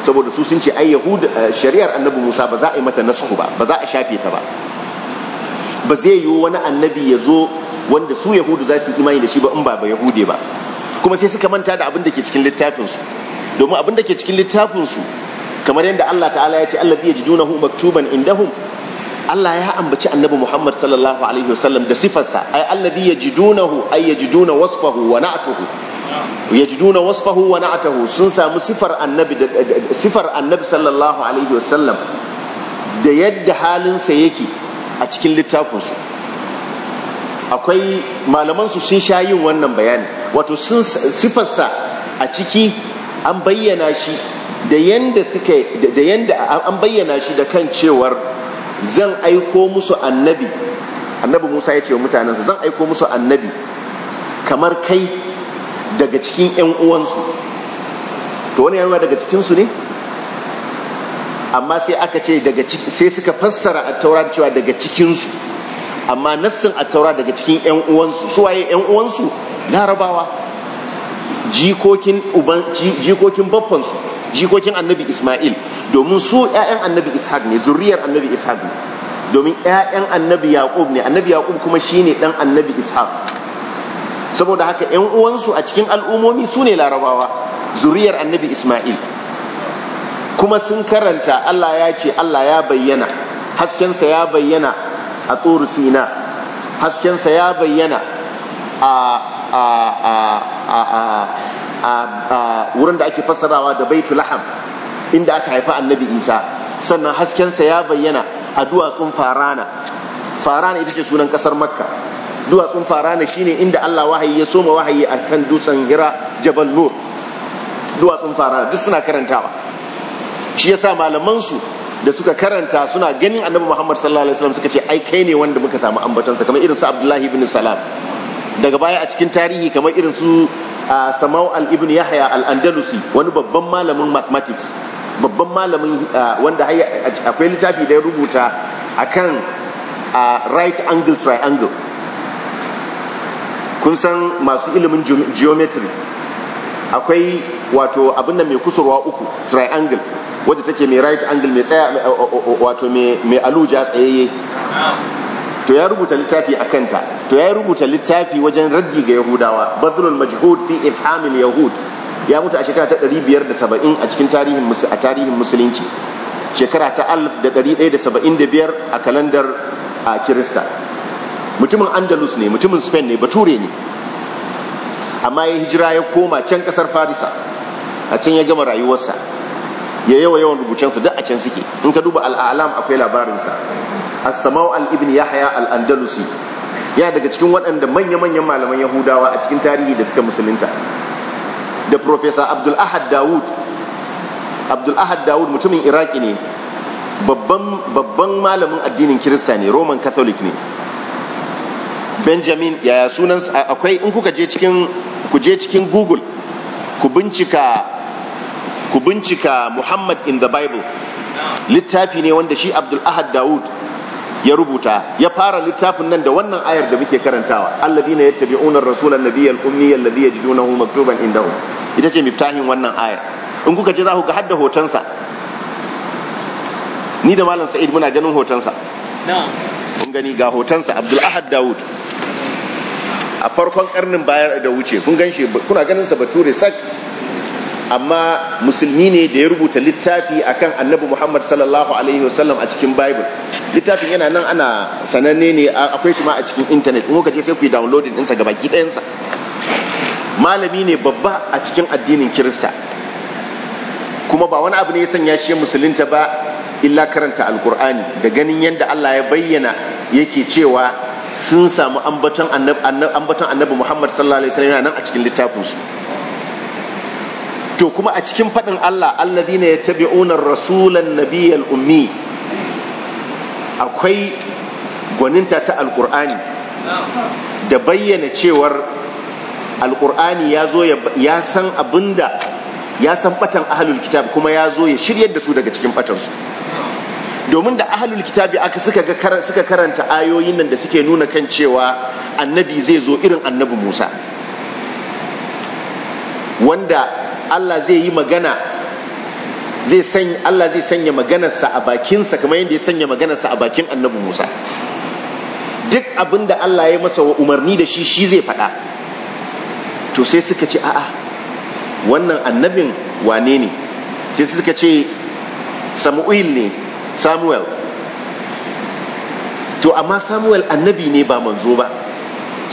S1: saboda su sun ce ai yahud eh, shari'ar annabi musa ba za a yi mata nasku ba ba za a shafe ta ba ba zai yi wani annabi ya zo wanda su yahudu za su imani da shi ba in ba ba yahude ba kuma sai suka manta da abin da ke cikin littafinsu domin abin da ke cikin littafinsu kamar yadda Allah ta'ala ya ce Allah zai jidunahu maktuban indahum Allah ya ambaci annabi Muhammad sallallahu alaihi wasallam da sifarsa ay alladhi yajidunahu ay yajiduna wasfahu wa na'tuhu yajiduna wasfahu wa na'tuhu sun samu sifar annabi sifar annabi sallallahu alaihi wasallam da yadda halin halinsa yake a cikin littafinsu akwai malaman su sun sha yin wannan bayani wato sun sifarsa a ciki an bayyana shi da yanda suke da yanda an bayyana shi da kan cewar zan aiko musu annabi annabi Musa ya ce wa mutanensa zan aiko musu annabi kamar kai daga cikin ƴan uwansu to wani yana daga cikin su ne amma sai aka ce daga sai suka fassara a taura da cewa daga cikin su amma nassin a taura daga cikin ƴan uwansu su waye ƴan uwansu larabawa jikokin uban jikokin babbansu jikokin annabi isma'il domin su ƴaƴan annabi ishaq ne zuriyar annabi ishaq ne domin ƴaƴan annabi yaqub ne annabi yaqub kuma shine dan annabi ishaq saboda haka ƴan uwansu a cikin al'ummomi su ne larabawa zuriyar annabi isma'il kuma sun karanta Allah ya ce Allah ya bayyana haskensa ya bayyana a tsoro sina haskensa ya bayyana a wurin da ake fassarawa da baitu laham inda aka haifa annabi isa sannan haskensa ya bayyana a duwatsun farana farana ita ce sunan kasar makka duwatsun farana shine inda allah wahayi ya soma wahayi a kan dutsen hira jabal nur duwatsun farana duk suna karantawa shi yasa malamansu da suka karanta suna ganin annabi Muhammad sallallahu alaihi wasallam suka ce ai kai ne wanda muka samu ambatansa kamar irin su Abdullahi ibn Salam daga baya a cikin tarihi kamar irin su a samau al-ibn yahya al-andalusi wani babban malamin mathematics babban malamin wanda akwai littafi da ya rubuta akan right angle triangle kun san masu ilimin geometry akwai wato abinda mai kusurwa uku triangle wadda take mai right angle mai tsaya wato mai aluja tsayayye to ya rubuta littafi a kanta to ya rubuta littafi wajen raddi ga yahudawa badrul majhud fi ifhamil yahud ya mutu a shekara ta 570 a cikin tarihin a tarihin musulunci shekara ta 1175 a kalandar a kirista mutumin andalus ne mutumin spain ne bature ne amma ya hijira ya koma can kasar farisa a can ya gama rayuwarsa ya yawa yawan rubucen su duk a can suke in ka duba al'alam akwai labarin sa as-sama'u al-ibn yahya al-andalusi ya daga cikin waɗanda manya-manyan malaman yahudawa a cikin tarihi da suka musulunta da professor abdul ahad dawud abdul ahad daud mutumin iraki ne babban malamin addinin kirista ne roman catholic ne benjamin yaya sunan akwai in kuka je cikin ku je cikin google ku bincika ku bincika Muhammad in the Bible littafi ne wanda shi Abdul Ahad Dawud ya rubuta ya fara littafin nan da wannan ayar da muke karantawa alladhina yattabi'una ar-rasula an-nabiyya al-ummi alladhi yajidunahu maktuban indahum ita ce miftahin wannan ayar in kuka ji za ku ga hadda hotonsa ni da malam Sa'id muna ganin hotonsa kun gani ga hotonsa Abdul Ahad Dawud a farkon karnin baya da wuce kun gan shi kuna ganin sa bature sak amma musulmi ne da ya rubuta littafi akan annabi Muhammad sallallahu alaihi wasallam a cikin bible littafin yana nan ana sananne ne akwai shi ma a cikin internet in je sai ku yi downloading ɗinsa ga baki ɗayansa malami ne babba a cikin addinin kirista kuma ba wani abu ne ya sanya shi musulunta ba illa karanta alkur'ani da ganin yadda Allah ya bayyana yake cewa sun samu ambaton annabi Muhammad sallallahu alaihi wasallam nan a cikin littafinsu to kuma a cikin faɗin Allah tabi yattabi'una rasulan nabiyyal ummi akwai gwaninta ta alqur'ani da bayyana cewar alqur'ani ya zo ya san abinda ya san fatan ahlul kitab kuma ya zo ya shiryar da su daga cikin batansu domin da ahlul kitabi aka suka suka karanta ayoyin nan da suke nuna kan cewa annabi zai zo irin annabi Musa wanda Allah zai yi magana zai sanya Allah zai sanya maganarsa a bakinsa kamar yadda ya sanya maganarsa a bakin annabi Musa duk abinda Allah ya masa umarni da shi shi zai faɗa to sai suka ce a'a wannan annabin wane ne sai suka ce Samuel ne Samuel to amma Samuel annabi ne ba manzo ba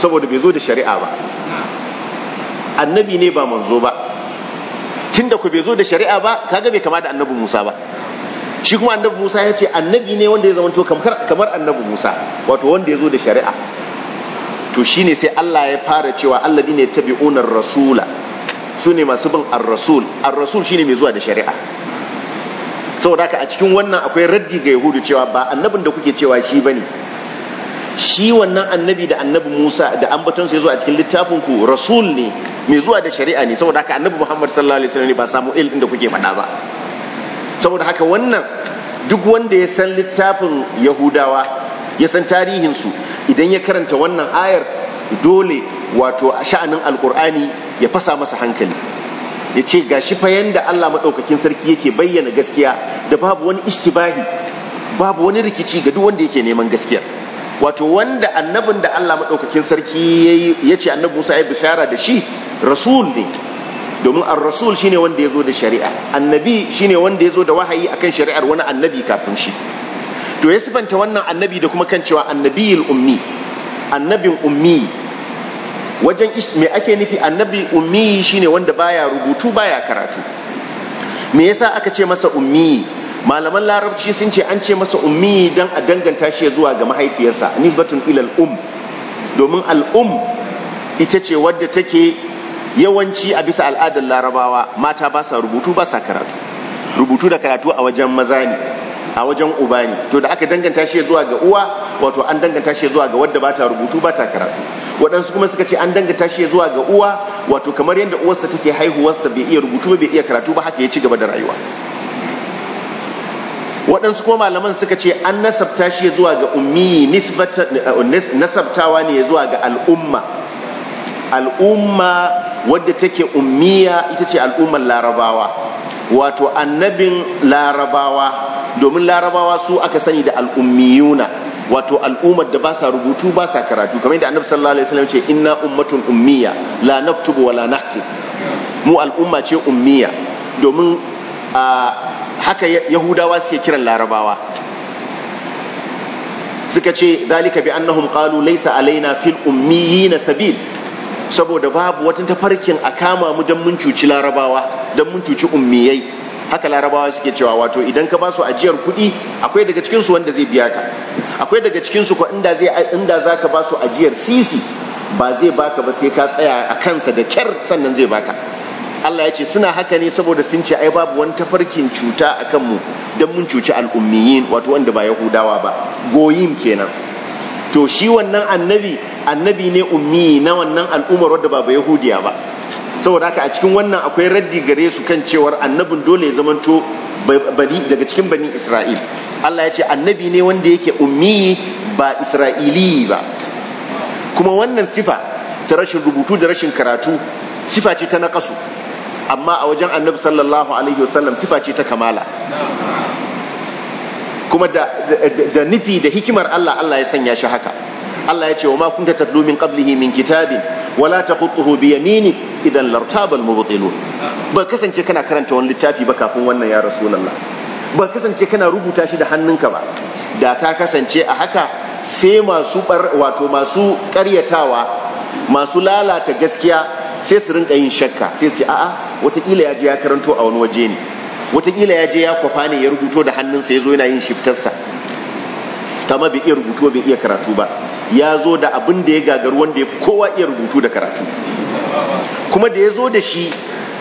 S1: saboda bai zo da shari'a ba annabi ne ba manzo ba tunda ku bai zo da shari'a ba kaga bai kama da annabi Musa ba shi kuma annabi Musa ya ce annabi ne wanda ya zamanto kamar kamar annabi Musa wato wanda ya zo da shari'a to shine sai Allah ya fara cewa Allah ne unar rasula su ne masu bin ar-rasul ar-rasul shine mai zuwa da shari'a saboda haka a cikin wannan akwai raddi ga yahudu cewa ba annabin da kuke cewa shi bane shi wannan annabi da annabi Musa da ambaton sai zo a cikin littafin ku rasul ne mai zuwa da shari'a ne saboda haka annabi Muhammad sallallahu alaihi wasallam ba samu ilmin da kuke faɗa ba saboda haka wannan duk wanda ya san littafin Yahudawa ya san tarihin su idan ya karanta wannan ayar dole wato sha'anin alkur'ani ya fasa masa hankali ya ce ga shi fa yanda Allah maɗaukakin sarki yake bayyana gaskiya da babu wani istibahi babu wani rikici ga duk wanda yake neman gaskiya wato wanda annabin da Allah maɗaukakin sarki ya ce annabi Musa ya bishara da shi rasul ne domin ar-rasul shine wanda ya zo da shari'a annabi shine wanda ya zo da wahayi akan shari'ar wani annabi kafin shi to ya sifanta wannan annabi da kuma kan cewa annabiyul ummi annabin ummi wajen me ake nufi annabi ummi shine wanda baya rubutu baya karatu me yasa aka ce masa ummi malaman larabci sun ce an ce masa ummi dan a danganta shi zuwa ga mahaifiyarsa nisbatun ilal um domin um ita ce wadda take yawanci a bisa al'adar larabawa mata ba sa rubutu ba sa karatu rubutu da karatu a wajen maza ne a wajen uba ne to da aka danganta shi zuwa ga uwa wato an danganta shi zuwa ga wadda ba ta rubutu ba ta karatu waɗansu kuma suka ce an danganta shi zuwa ga uwa wato kamar yadda uwarsa take haihuwarsa bai iya rubutu ba bai iya karatu ba haka ya ci gaba da rayuwa waɗansu kuma malaman suka ce an nasabta shi zuwa ga ummi uh, nasabtawa ne zuwa ga al'umma al'umma wadda take ummiya ita ce al'ummar larabawa wato annabin larabawa domin larabawa su aka sani da al'ummiyuna wato al'ummar da ba sa rubutu ba sa karatu kamar yadda annabi sallallahu alaihi wasallam ce inna ummatun ummiya la naktubu wa la nahsib mu al'umma ce ummiya domin a uh, haka yahudawa suke kiran larabawa suka ce zalika bi annahum qalu laysa alaina fil ummiyina sabil saboda babu wata tafarkin a kama mu dan mun cuci larabawa dan mun cuci ummiyai haka larabawa suke cewa wato idan ka ba su ajiyar kuɗi akwai daga cikin su wanda zai biya ka akwai daga cikin su ko inda zai inda zaka ba su ajiyar sisi ba zai baka ba sai ka tsaya a kansa da kyar sannan zai baka Allah ya ce suna haka ne saboda sun ce ai babu wani tafarkin cuta a kanmu don mun cuci al'ummiyin wato wanda ba yahudawa ba goyim kenan to shi wannan annabi annabi ne ummi na wannan al'ummar wadda ba yahudiya ba saboda haka a cikin wannan akwai raddi gare su kan cewar annabin dole ya zamanto bani daga cikin bani isra'il Allah ya ce annabi ne wanda yake ummi ba isra'ili ba kuma wannan sifa ta rashin rubutu da rashin karatu sifa ce ta naƙasu amma a wajen annabi sallallahu alaihi wasallam sifa ce ta kamala kuma da nufi da hikimar Allah Allah ya sanya shi haka Allah ya ce wa ma kunta tatlu min qablihi min kitabin wala taqutuhu bi yamini idan lartaba mubtilun ba kasance kana karanta wani littafi ba kafin wannan ya rasulullah ba kasance kana rubuta shi da hannunka ba da ta kasance a haka sai masu wato masu karyatawa masu lalata gaskiya sai su rinka yin shakka sai su ce a'a watakila ya je ya karanto a wani waje ne watakila ya je ya kwafa ne ya rubuto da hannunsa ya zo yana yin shiftarsa kama bai iya rubutu bai iya karatu ba ya zo da abin da ya gagar wanda ya kowa iya rubutu da karatu kuma da ya zo da shi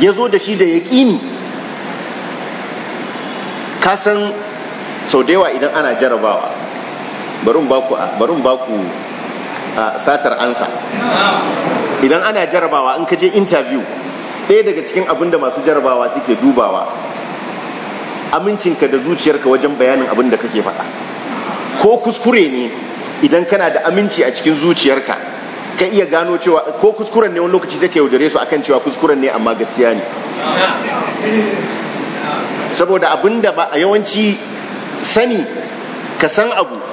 S1: ya zo da shi da ya ƙini kasan sau da yawa idan ana jarabawa barin baku satar ansa idan ana jarabawa in ka je interview ɗaya daga cikin abin da masu jarabawa suke dubawa amincinka da zuciyarka wajen bayanin abin da kake faɗa ko kuskure ne idan kana da aminci a cikin zuciyarka ka iya gano cewa ko kuskuren ne wani lokaci sai ka yaudare su akan cewa kuskuren ne amma gaskiya ne saboda abin da yawanci sani ka san abu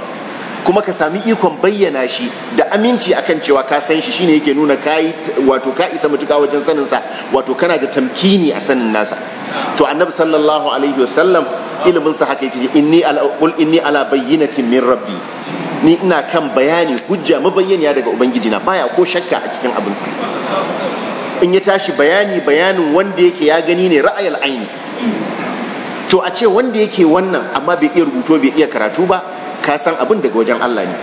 S1: kuma ka sami ikon bayyana shi da aminci akan cewa ka san shi shine yake nuna kai wato ka isa mutuka wajen sanin sa wato kana da tamkini a sanin nasa to annabi sallallahu alaihi wasallam ilimin sa haka yake inni ala qul inni ala bayyinatin min rabbi ni ina kan bayani hujja mabayyaniya daga ubangiji na baya ko shakka a cikin abin sa in ya tashi bayani bayanin wanda yake ya gani ne ra'ayal aini to a ce wanda yake wannan amma bai iya rubuto bai iya karatu ba ka san abin daga wajen Allah ne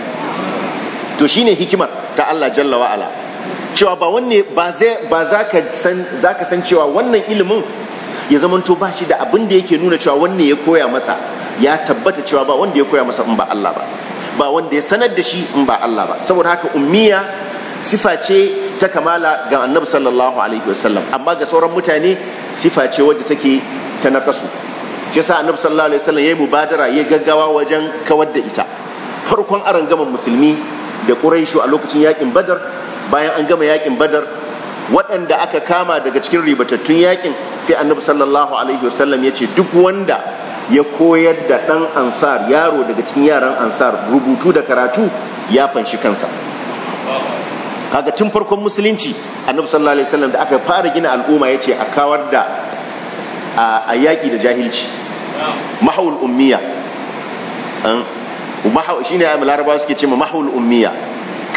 S1: to shine hikimar ta Allah jalla wa ala cewa ba wanne ba zai ba zaka san zaka san cewa wannan ilimin ya zamanto ba shi da abin da yake nuna cewa wanne ya koya masa ya tabbata cewa ba wanda ya koya masa in ba Allah ba ba wanda ya sanar da shi in ba Allah ba saboda haka ummiya sifa ce ta kamala ga annabi sallallahu alaihi wasallam amma ga sauran mutane sifa ce wadda take ta nakasu shi yasa annabi sallallahu alaihi wasallam yayi mubadara yayi gaggawa wajen kawar da ita farkon aran gama musulmi da quraishu a lokacin yakin badar bayan an gama yakin badar waɗanda aka kama daga cikin ribatattun yakin sai annabi sallallahu alaihi wasallam ya ce duk wanda ya koyar da ɗan ansar yaro daga cikin yaran ansar rubutu da karatu ya fanshi kansa kaga tun farkon musulunci annabi sallallahu alaihi wasallam da aka fara gina al'umma ya ce a kawar da a yaƙi da jahilci mahawul ummiya shi ne a larabawa suke ce ma mahawul ummiya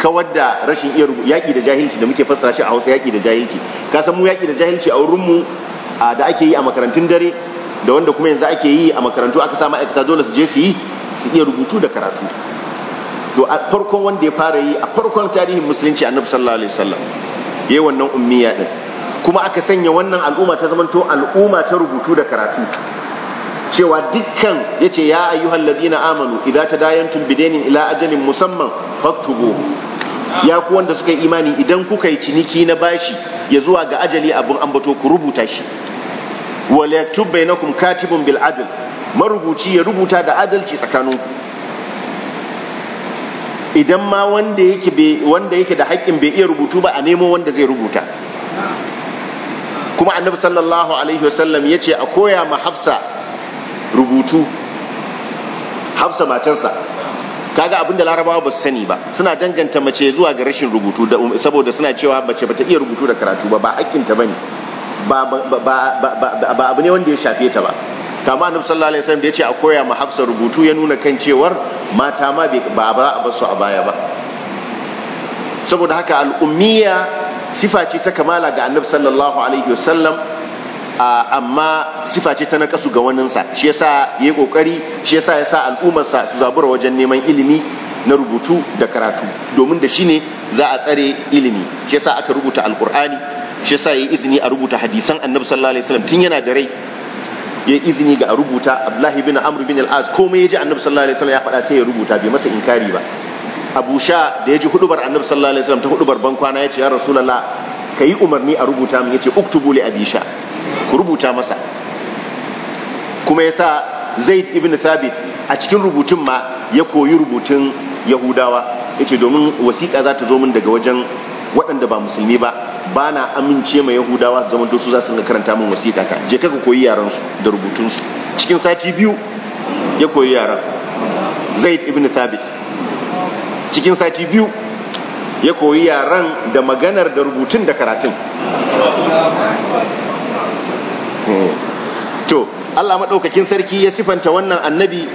S1: kawar da rashin iya yaƙi da jahilci da muke fassara shi a hausa yaƙi da jahilci ka san mu yaƙi da jahilci a wurinmu da ake yi a makarantun dare da wanda kuma yanzu ake yi a makarantu aka sa ma'aikata dole su je su yi su iya rubutu da karatu to a farkon wanda ya fara yi a farkon tarihin musulunci annabi sallallahu alaihi wasallam yayi wannan ummiya din kuma aka sanya wannan al'umma ta zamanto al'umma ta rubutu da karatu cewa dukkan yace ya ayyuhal ladina amanu idza tadayantum bidainin ila ajalin musamman faktubu ya ku wanda suka yi imani idan kuka yi ciniki na bashi ya zuwa ga ajali abin ambato ku rubuta shi wala yaktub bainakum katibun bil adl marubuci ya rubuta da adalci tsakaninku idan ma wanda yake wanda yake da haƙƙin bai iya rubutu ba a nemo wanda zai rubuta kuma annabi sallallahu alaihi wasallam ya ce a koya ma hafsa rubutu hafsa matarsa kaga abin da larabawa ba su sani ba suna danganta mace zuwa ga rashin rubutu um, saboda suna cewa mace ba ta iya rubutu da karatu ba ba aikinta ba ne ba abu ne wanda ya shafe ta ba kama annabi sallallahu alaihi wasallam ya ce a koya ma hafsa rubutu ya nuna kan cewar mata ma ba ba a basu a baya ba saboda haka al'ummiya sifa ce ta kamala ga annabi sallallahu alaihi wasallam amma sifa ce ta nakasu ga waninsa shi yasa ya yi kokari shi yasa ya sa al'ummarsa su zabura wajen neman ilimi na rubutu da karatu domin da shi ne za a tsare ilimi shi yasa aka rubuta alkur'ani shi yasa ya yi izini a rubuta hadisan annabi sallallahu alaihi wasallam tun yana da rai ya yi izini ga a rubuta abdullahi bin amr bin al komai ya ji annabi sallallahu alaihi wasallam ya faɗa sai ya rubuta bai masa inkari ba abu sha da ya ji hudubar annabi sallallahu alaihi wasallam ta hudubar bankwana ya ce ya rasulallah ka yi umarni a rubuta min ya ce uktubu li abi sha ku rubuta masa kuma yasa zaid ibn thabit a cikin rubutun ma ya koyi rubutun yahudawa ya ce domin wasiƙa za ta zo min daga wajen waɗanda ba musulmi ba ba na amince ma yahudawa su zama su za su karanta min wasiƙa ka je kaka koyi su da rubutunsu cikin sati biyu ya koyi yaran zaid ibn thabit cikin sati biyu ya koyi yaran da maganar da rubutun da karatun eh. to Allah maɗaukakin sarki ya sifanta wannan annabi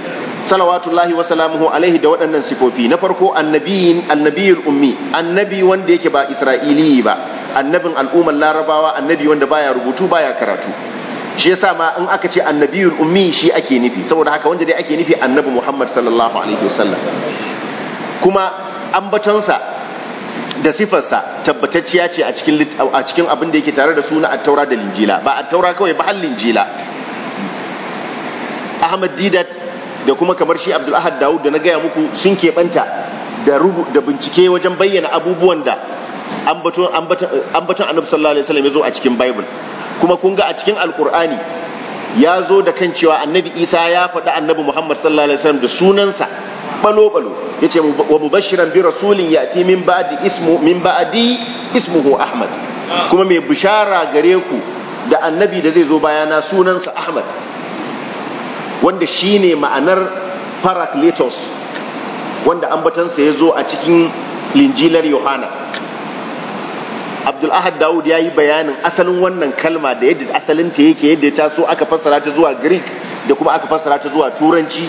S1: salawatullahi wa salamuhu alaihi da waɗannan sifofi na farko annabiyin annabiyul ummi annabi wanda yake ba isra'ili ba annabin al'ummar larabawa annabi wanda baya rubutu baya karatu shi yasa ma in aka ce annabiyul ummi shi ake nufi saboda haka wanda dai ake nufi annabi Muhammad sallallahu alaihi wasallam kuma ambatonsa da sifarsa tabbatacciya ce a cikin a cikin abin da yake tare da suna attaura da linjila ba attaura kawai ba har linjila Ahmad Didat da kuma kamar shi Abdul Ahad Dawud da na gaya muku sun keɓanta da rubu da bincike wajen bayyana abubuwan da ambaton ambaton annabi sallallahu alaihi wasallam ya zo a cikin Bible kuma kun ga a cikin Alkur'ani ya zo da kan cewa annabi isa ya faɗi annabi muhammad sallallahu alaihi wasallam da sunansa balo-balo ya ce wa mubashiran bi rasulin ya ti min ba'adi ismu ismuhu ahmad kuma mai bishara gare ku da annabi da zai zo bayana sunansa ahmad wanda shine ma'anar parakletos wanda ambatansa ya zo a cikin linjilar yohana abdul ahad dawud ya yi bayanin asalin wannan kalma da yadda asalinta yake yadda ta so aka fassara ta zuwa greek da kuma aka fassara ta zuwa turanci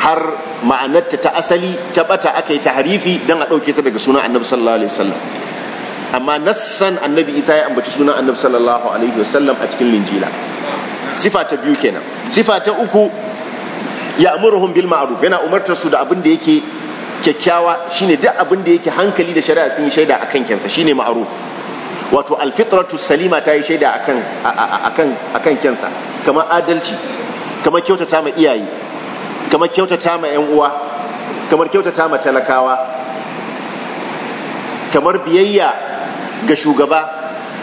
S1: har ma'anarta ta asali ta bata aka yi ta harifi don a ɗauke ta daga sunan annabi sallallahu alaihi wasallam amma nassan annabi isa ya ambaci sunan annabi sallallahu alaihi wasallam a cikin linjila sifa ta biyu kenan sifa ta uku ya amuruhum bil ma'ruf yana umartar su da abin da yake kyakkyawa shine duk abin da yake hankali da shari'a sun yi shaida akan kansa shine ma'ruf wato alfitratu salima ta yi shaida akan akan akan kansa kamar adalci kamar kyautata ma iyaye kamar kyautata ma yan uwa kamar kyautata ma talakawa kamar biyayya ga shugaba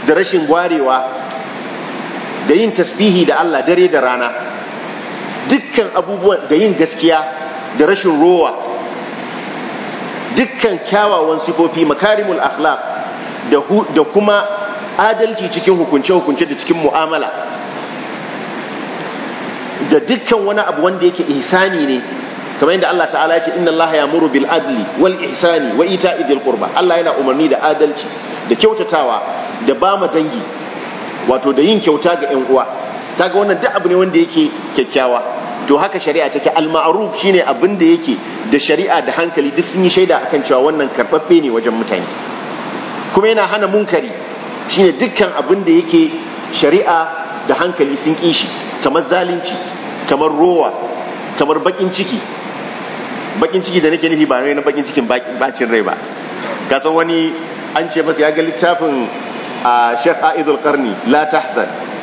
S1: da rashin gwarewa da yin tasbihi da Allah dare da rana dukkan abubuwan da yin gaskiya da rashin rowa dukkan kyawawan sifofi makarimul akhlaq da kuma adalci cikin hukunce-hukunce da cikin mu'amala da dukkan wani abu wanda yake ihsani ne kamar yadda Allah ta'ala ya ce inna Allah ya muru bil adli wal ihsani wa ita'i dhil qurba Allah yana umarni da adalci da kyautatawa da bama dangi wato da yin kyauta ga ƴan uwa kaga wannan duk abu ne wanda yake kyakkyawa to haka shari'a take al-ma'ruf shine abin da yake da shari'a da hankali duk sun yi shaida akan cewa wannan karfaffe ne wajen mutane kuma yana hana munkari shine dukkan abin da yake shari'a da hankali sun kishi kamar zalunci kamar rowa kamar bakin ciki bakin ciki da nake nufi ba na bakin cikin bacin rai ba ka san wani an ce masa ya ga littafin a shekha idul karni la tahzan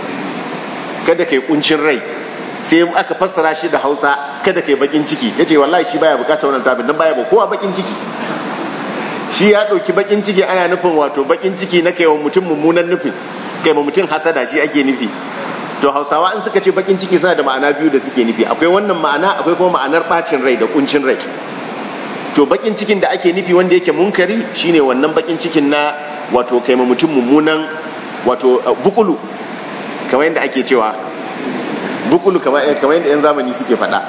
S1: kada kai kuncin rai sai aka fassara shi da Hausa kada kai bakin ciki ce wallahi shi baya bukatar wannan tabin don baya ba kowa bakin ciki shi ya ɗauki bakin ciki ana nufin wato bakin ciki na kai wa mutum mummunan nufi kai ma mutum hasada shi ake nufi to Hausawa in suka ce bakin ciki suna da ma'ana biyu da suke nufi akwai wannan ma'ana akwai kuma ma'anar bacin rai da kuncin rai to bakin cikin da ake nufi wanda yake munkari shine wannan bakin cikin na wato kai mutum mummunan wato uh, bukulu kamar yadda ake cewa bukulu eh, kamar yadda yan zamani suke faɗa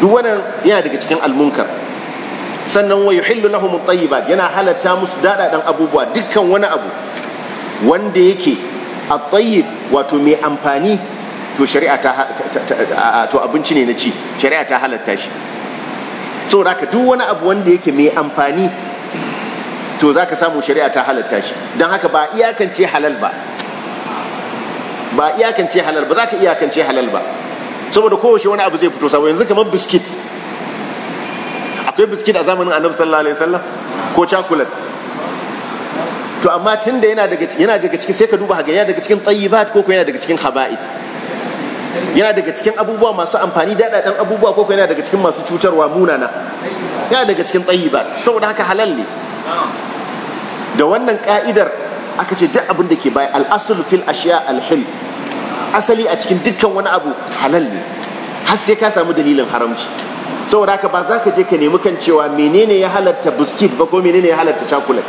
S1: duk wannan yana daga cikin almunkar sannan wa yuhillu lahum at-tayyibat yana halatta musu dadadan abubuwa dukkan wani abu wanda yake at-tayyib wato mai amfani to shari'a ta to abinci ne na ci shari'a ta halatta shi so zaka duk wani abu wanda yake mai amfani to zaka samu shari'a ta halatta shi don haka ba iyakance halal ba ba iyakance halal ba za ka iyakance halal ba saboda kowace wani abu zai fito sabo yanzu kamar biskit akwai biskit a zamanin annabi sallallahu alaihi wasallam ko chocolate to amma tunda yana daga yana daga cikin sai ka duba haga yana daga cikin tayyibat ko ko yana daga cikin haba'i. yana daga cikin abubuwa masu amfani daɗaɗɗen abubuwa ko yana daga cikin masu cutarwa munana yana daga cikin ba saboda haka halal ne da wannan ka'idar aka ce duk abin da ke baya al'asul fil ashiya alhil asali a cikin dukkan wani abu halal ne har sai ka samu dalilin haramci saboda haka ba za ka je ka nemi kan cewa menene ya halatta biskit ba ko menene ya halatta chocolate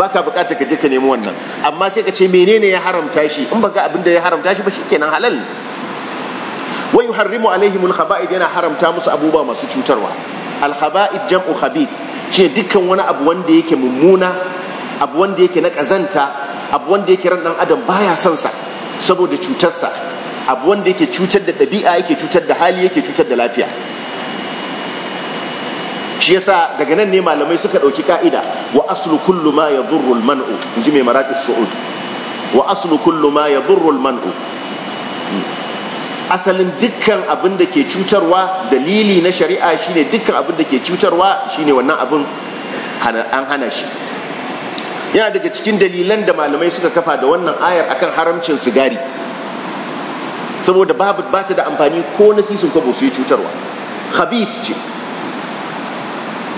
S1: ba ka bukata ka je ka nemi wannan amma sai ka ce menene ya haramta shi in baka abin da ya haramta shi ba shikenan halal ne Wai yuharrimu alaihim alkhaba'id yana haramta musu abubuwa masu cutarwa alkhaba'id jam'u khabith shi dukkan wani abu wanda yake mummuna abu wanda yake na kazanta abu wanda yake ran dan adam baya son sa saboda cutarsa abu wanda yake cutar da ɗabi'a yake cutar da hali yake cutar da lafiya shi yasa daga nan ne malamai suka ɗauki ka'ida wa aslu kullu ma yadhurru al-man'u inji mai maratis su'ud wa aslu kullu ma yadhurru al-man'u asalin dukkan abin da ke cutarwa dalili na shari'a shine dukkan abin da ke cutarwa shine wannan abin an hana shi yana daga cikin dalilan da malamai suka kafa da wannan ayar akan haramcin sigari saboda babu ba ta da amfani ko na sisin kwabo yi cutarwa habif ce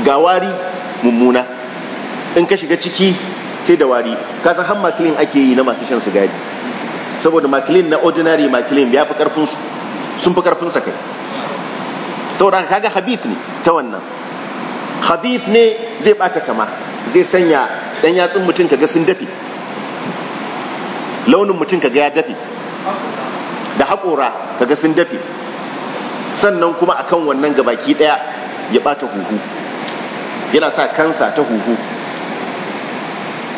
S1: ga wari mummuna in ka shiga ciki sai da wari ka san har makilin ake yi na masu shan sigari saboda makilin na ordinary makilin ya fi karfin su sun fi karfin sa kai saboda kaga habif ne ta wannan Habif ne zai bata kama zai sanya ɗan yatsun mutum kaga sun dafi launin mutum kaga ya dafi da haƙora kaga sun dafi sannan kuma akan wannan gabaki daya ya bata huhu yana sa kansa ta huhu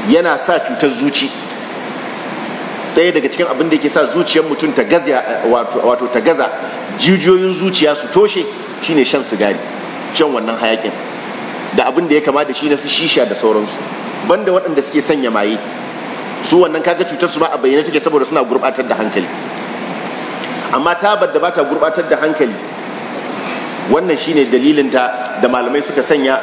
S1: yana sa cutar zuci ɗaya daga cikin abin da ke sa zuciyar mutum ta gaza wato ta gaza jijiyoyin zuciya su toshe shine shan sigari shan wannan hayakin da abin da ya kama da shi na su shisha da sauransu banda waɗanda suke sanya maye su wannan kaga cutar su ba a bayyana take saboda suna gurbatar da hankali amma tabar da bata gurbatar da hankali wannan shine dalilin ta da malamai suka sanya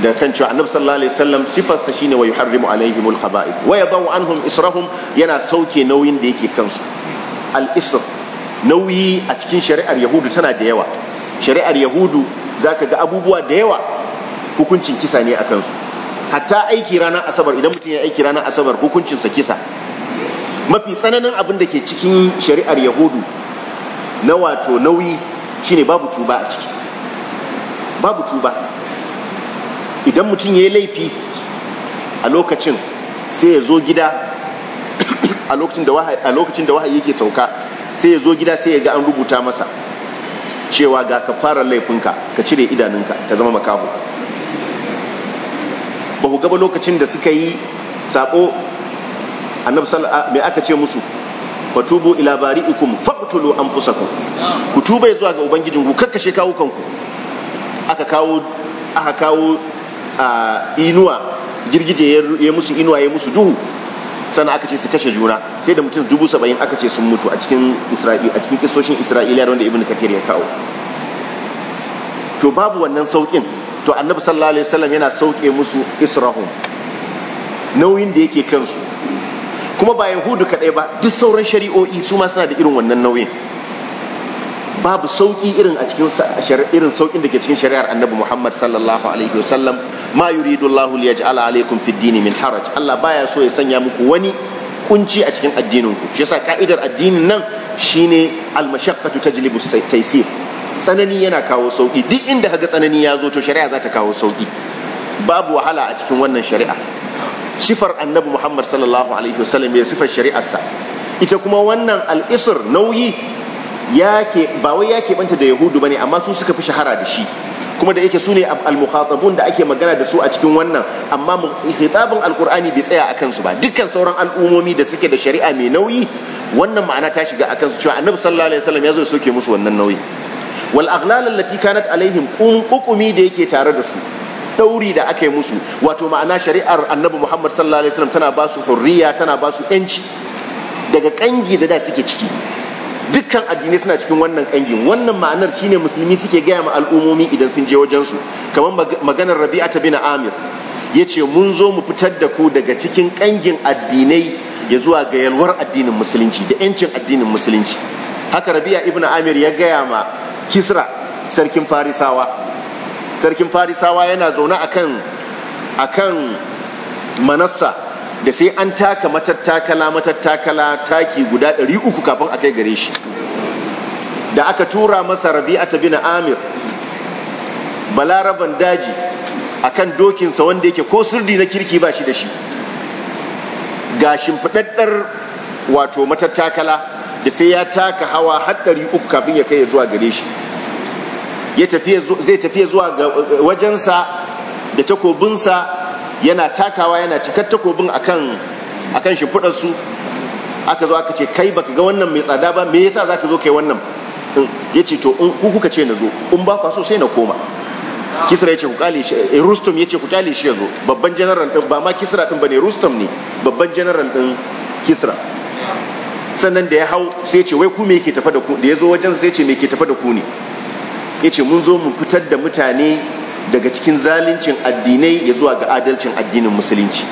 S1: da kan cewa annabi sallallahu alaihi wasallam sa shine wa yuharrimu alaihim khaba'ith wa yadhu anhum israhum yana sauke nauyin da yake kansu al isr nauyi a cikin shari'ar yahudu tana da yawa shari'ar yahudu zaka ga abubuwa da yawa hukuncin kisa ne a kansu hatta aiki ranar asabar idan mutum ya aiki ranar asabar hukuncinsa kisa mafi tsananin abin da ke cikin shari'ar yahudu na wato nauyi shine babu tuba a ciki babu tuba idan mutum ya yi laifi a lokacin sai ya zo gida a lokacin da wahayi yake sauka sai ya zo gida sai ya ga an rubuta masa cewa ga ka fara laifinka ka cire idanunka ta zama makaho ba ku gaba lokacin da suka yi sabo annabi mai aka ce musu fatubu ila bari'ikum an anfusakum ku tuba zuwa ga ubangijin ku kakkashe kawo kanku aka kawo aka kawo inuwa girgije ya musu inuwa ya musu duhu sannan aka ce su kashe juna sai da mutum dubu saba'in aka ce sun mutu a cikin isra'il a cikin kistoshin isra'iliya wanda ibn Kakir ya kawo to babu wannan saukin to annabi sallallahu alaihi wasallam yana sauke musu israhum nauyin da yake kansu kuma ba yahudu kadai ba duk sauran shari'o'i su ma suna da irin wannan nauyin babu sauki irin a cikin irin saukin da ke cikin shari'ar annabi Muhammad sallallahu alaihi wasallam ma yuridu Allahu liyaj'ala alaikum fid dini min haraj Allah baya so ya sanya muku wani kunci a cikin addinin ku shi yasa ka'idar addinin nan shine al-mashaqqatu tajlibu taysir tsanani yana kawo sauki duk inda kaga tsanani ya zo to shari'a za ta kawo sauki babu wahala a cikin wannan shari'a sifar annabi muhammad sallallahu alaihi wasallam ya sifar shari'arsa ita kuma wannan al'isir nauyi yake ba wai yake banta da yahudu bane amma su suka fi shahara da shi kuma da yake sune al-mukhatabun da ake magana da su a cikin wannan amma al qurani bai tsaya akan su ba dukkan sauran al'umomi da suke da shari'a mai nauyi wannan ma'ana ta shiga akan su cewa annabi sallallahu alaihi wasallam ya zo soke musu wannan nauyi wal aghlal allati kanat alaihim qumqumi da yake tare da su dauri da aka yi musu wato ma'ana shari'ar annabi Muhammad sallallahu alaihi wasallam tana ba hurriya tana basu su yanci daga kangi da da suke ciki dukkan addinai suna cikin wannan kangin wannan ma'anar shine musulmi suke gaya ma al'umomi idan sun je wajen su kamar maganar ta bin Amir yace mun zo mu fitar da ku daga cikin kangin addinai ya zuwa ga yalwar addinin musulunci da yancin addinin musulunci haka rabi'a ibn amir ya gaya ma kisra sarkin farisawa sarkin farisawa yana zaune akan akan manassa da sai an taka matattakala matattakala taki guda 300 kafin a kai gare shi da aka tura masa rabi'a ta bin amir balaraban daji akan dokinsa wanda yake ko sirdi na kirki ba shi da shi ga shimfiɗaɗɗar wato matattakala da sai ya taka hawa haɗari uku kafin ya kai ya zuwa gare shi zai tafiya zuwa wajensa da takobinsa yana takawa yana cikar takobin akan kan shimfudarsu aka zo aka ce kai baka ga wannan mai tsada ba me yasa za ka zo kai wannan ya ce to in ku kuka ce na zo in ba kwaso sai na koma kisra ya ce ku kale shi eh, rustum ya ce ku kale shi ya zo babban janarar ɗin, ba ma kisra din ne rustum ne babban janarar din kisra sannan da ya hau sai ce wai ku me yake tafa da ku da ya zo wajen sai ce me yake tafa da ku ne ya ce mun zo mu fitar da mutane daga cikin zaluncin addinai ya zuwa ga adalcin addinin musulunci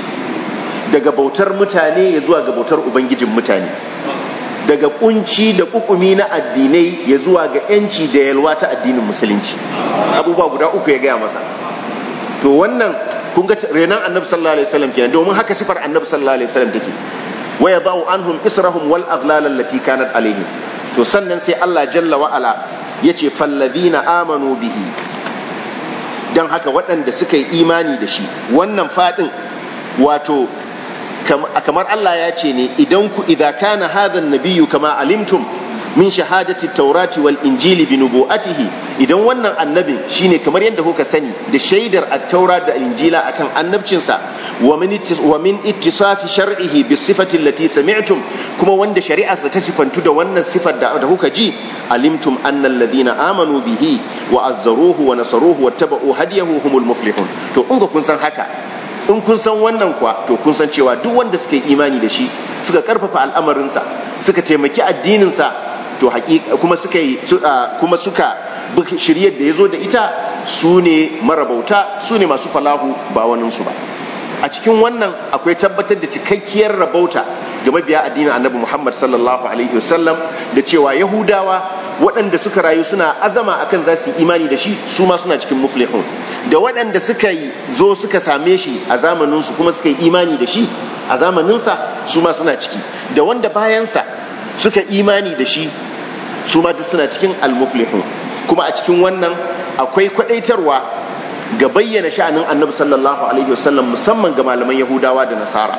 S1: daga bautar mutane ya zuwa ga bautar ubangijin mutane daga kunci da kukumi na addinai ya zuwa ga yanci da yalwa ta addinin musulunci abubuwa guda uku ya gaya masa to wannan kun ga renan annabi sallallahu alaihi wasallam kenan domin haka sifar annabi sallallahu alaihi wasallam take wa yadau anhum israhum wal aghlal allati kanat alaihim to sannan sai Allah jalla wa'ala ala yace falladina amanu bihi dan haka waɗanda suka yi imani da shi wannan fadin wato kamar Allah ya ce ne idan ku idza kana hadha an-nabiyyu kama alimtum min shahadati taurati wal injili bi nubu'atihi idan wannan annabin shine kamar yadda kuka sani da shaidar at-taura da injila akan annabcinsa wa min wa min ittisafi shar'ihi bi sifati allati sami'tum kuma wanda shari'arsa ta sifantu da wannan sifar da kuka ji alimtum anna alladhina amanu bihi wa azzaruhu wa nasaruhu wattaba'u hadiyahu humul muflihun to kun kun san haka in kun san wannan kuwa to kun san cewa duk wanda suke yi imani da shi suka karfafa al'amarinsa suka taimaki addininsa to haƙiƙa kuma suka kuma suka shiryar da yazo da ita su ne marabauta su ne masu falahu ba wani su ba a cikin wannan akwai tabbatar da cikakkiyar rabauta ga mabiya addinin annabi Muhammad sallallahu alaihi wasallam da cewa yahudawa waɗanda suka rayu suna azama akan za su yi imani da shi su ma suna cikin muflihun da waɗanda suka yi zo suka same shi a zamaninsu kuma suka yi imani da shi a zamaninsa su ma suna ciki da wanda bayansa suka imani da shi su ma duk suna cikin almuflihun kuma a cikin wannan akwai kwadaitarwa ga bayyana sha'anin annabi sallallahu alaihi wasallam musamman ga malaman yahudawa da nasara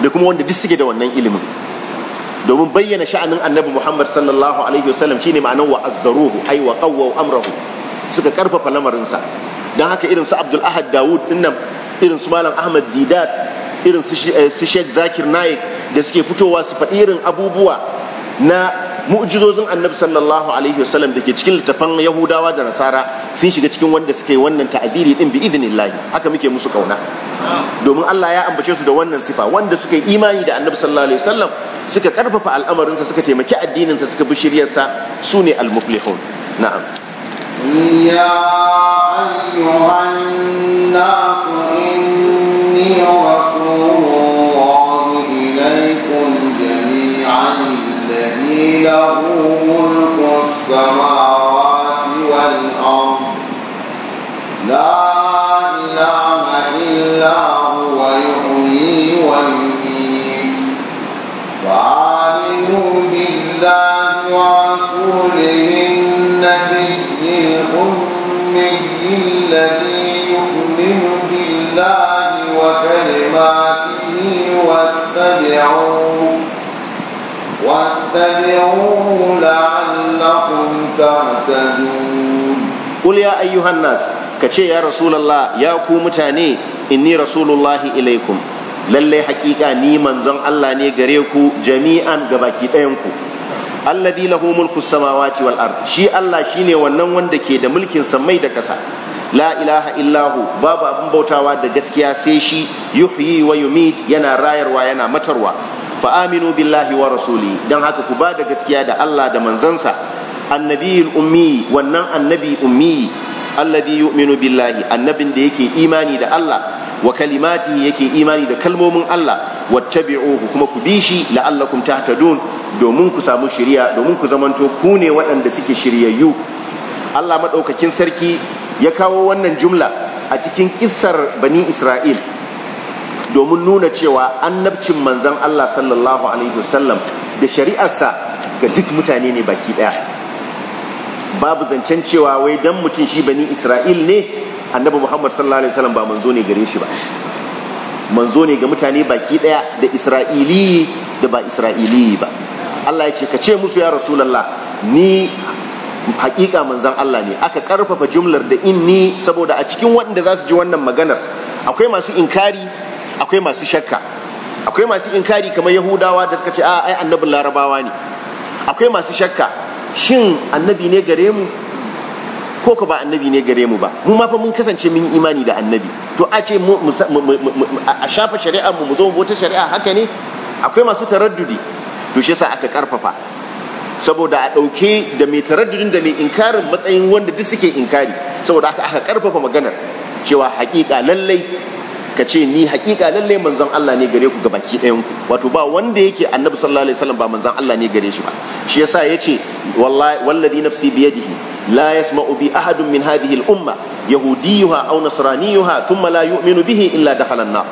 S1: da kuma wanda duk suke da wannan ilimin domin bayyana sha'anin annabi muhammad sallallahu alaihi wasallam shine ma'anar wa azzaruhu ai wa qawwau amrahu suka karfafa sa dan haka irin su abdul ahad dawud dinnan irin su malam ahmad didat irin su sheikh zakir naik da suke fitowa su faɗi irin abubuwa na mu'jizozin annabi sallallahu alaihi wasallam da ke cikin littafan yahudawa da nasara sun shiga cikin wanda suka yi wannan ta'aziri din bi idnillahi haka muke musu kauna domin Allah ya ambace su da wannan sifa wanda suka yi imani da annabi sallallahu alaihi wasallam suka karfafa al'amarinsa suka taimaki addininsa suka bi shiryarsa su ne al-muflihun na'am
S2: ya ayyuhan له ملك السماوات والأرض لا إله إلا هو يحيي ويميت فآمنوا بالله ورسوله النبي الأمي الذي يؤمن بالله وكلماته واتبعوه
S1: واتبعوه لعلكم تهتدون قل يا أيها الناس كشي ya رسول الله يا كو متاني إني lalle haƙiƙa ni manzon Allah ne gare ku jami'an baki ɗayan ku alladhi lahu mulku samawati wal ard shi Allah shine wannan wanda ke da mulkin samai da ƙasa la ilaha illahu babu abin bautawa da gaskiya sai shi yuhyi wa yumit yana rayarwa yana matarwa fa aminu billahi wa rasuli dan haka ku ba da gaskiya da Allah da manzansa annabiyul ummi wannan annabi ummi alladhi yu'minu billahi annabin da yake imani da Allah wa kalimatihi yake imani da kalmomin Allah wattabi'uhu kuma ku bi shi la'allakum tahtadun domin ku samu shiriya domin ku zamanto ku ne waɗanda suke shiryayyu Allah madaukakin sarki ya kawo wannan jumla a cikin kissar bani Isra'il domin nuna cewa annabcin manzan Allah sallallahu alaihi wasallam da shari'arsa ga duk mutane ne baki daya babu zancen cewa wai dan mutum shi bani Isra'il ne annabi Muhammad sallallahu alaihi wasallam ba manzo ne gare shi ba manzo ne ga mutane baki daya da Isra'ili da ba Isra'ili ba Allah ya ce ka ce musu ya rasulallah ni hakika manzan Allah ne aka karfafa jumlar da inni saboda a cikin waɗanda za su ji wannan maganar akwai masu inkari akwai masu shakka akwai masu inkari kamar yahudawa da suka ce a ah, ai annabin larabawa ne akwai masu shakka shin annabi ne gare mu ko ka ba annabi ne gare mu ba mu ma fa mun kasance mun imani da annabi to a ce a shafa shari'a mu mu zo wata shari'a haka ne akwai masu taraddudi to shi yasa aka karfafa saboda a ɗauke da mai taraddudin da mai inkarin matsayin wanda duk suke inkari saboda aka aka karfafa maganar cewa hakika lallai ka ce ni hakika lalle manzon Allah ne gare ku ga baki ɗayan ku wato ba wanda yake annabi sallallahu alaihi wasallam ba manzon Allah ne gare shi ba shi yasa yace wallahi wallazi nafsi biyadihi la yasma'u bi ahadun min hadhihi al-umma yahudiyuha aw nasraniyuha thumma la yu'minu bihi illa dakhala an-nar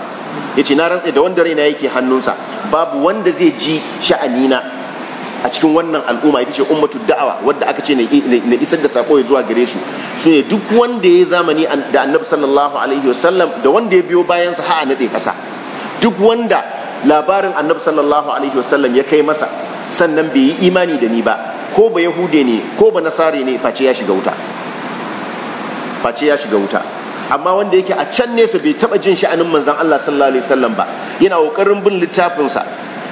S1: yace na rantsa da wanda raina yake hannunsa babu wanda zai ji sha'anina a cikin wannan al'umma ita ce ummatu da'awa wadda aka ce na isar da sako ya zuwa gare su su ne duk wanda ya zamani da annabi sallallahu alaihi wasallam da wanda ya biyo bayan sa ha'a nade kasa duk wanda labarin annabi sallallahu alaihi wasallam ya kai masa sannan bai yi imani da ni ba ko ba yahude ne ko ba nasare ne face ya shiga wuta face ya shiga wuta amma wanda yake a can nesa bai taba jin sha'anin manzon Allah sallallahu alaihi wasallam ba yana kokarin bin littafin sa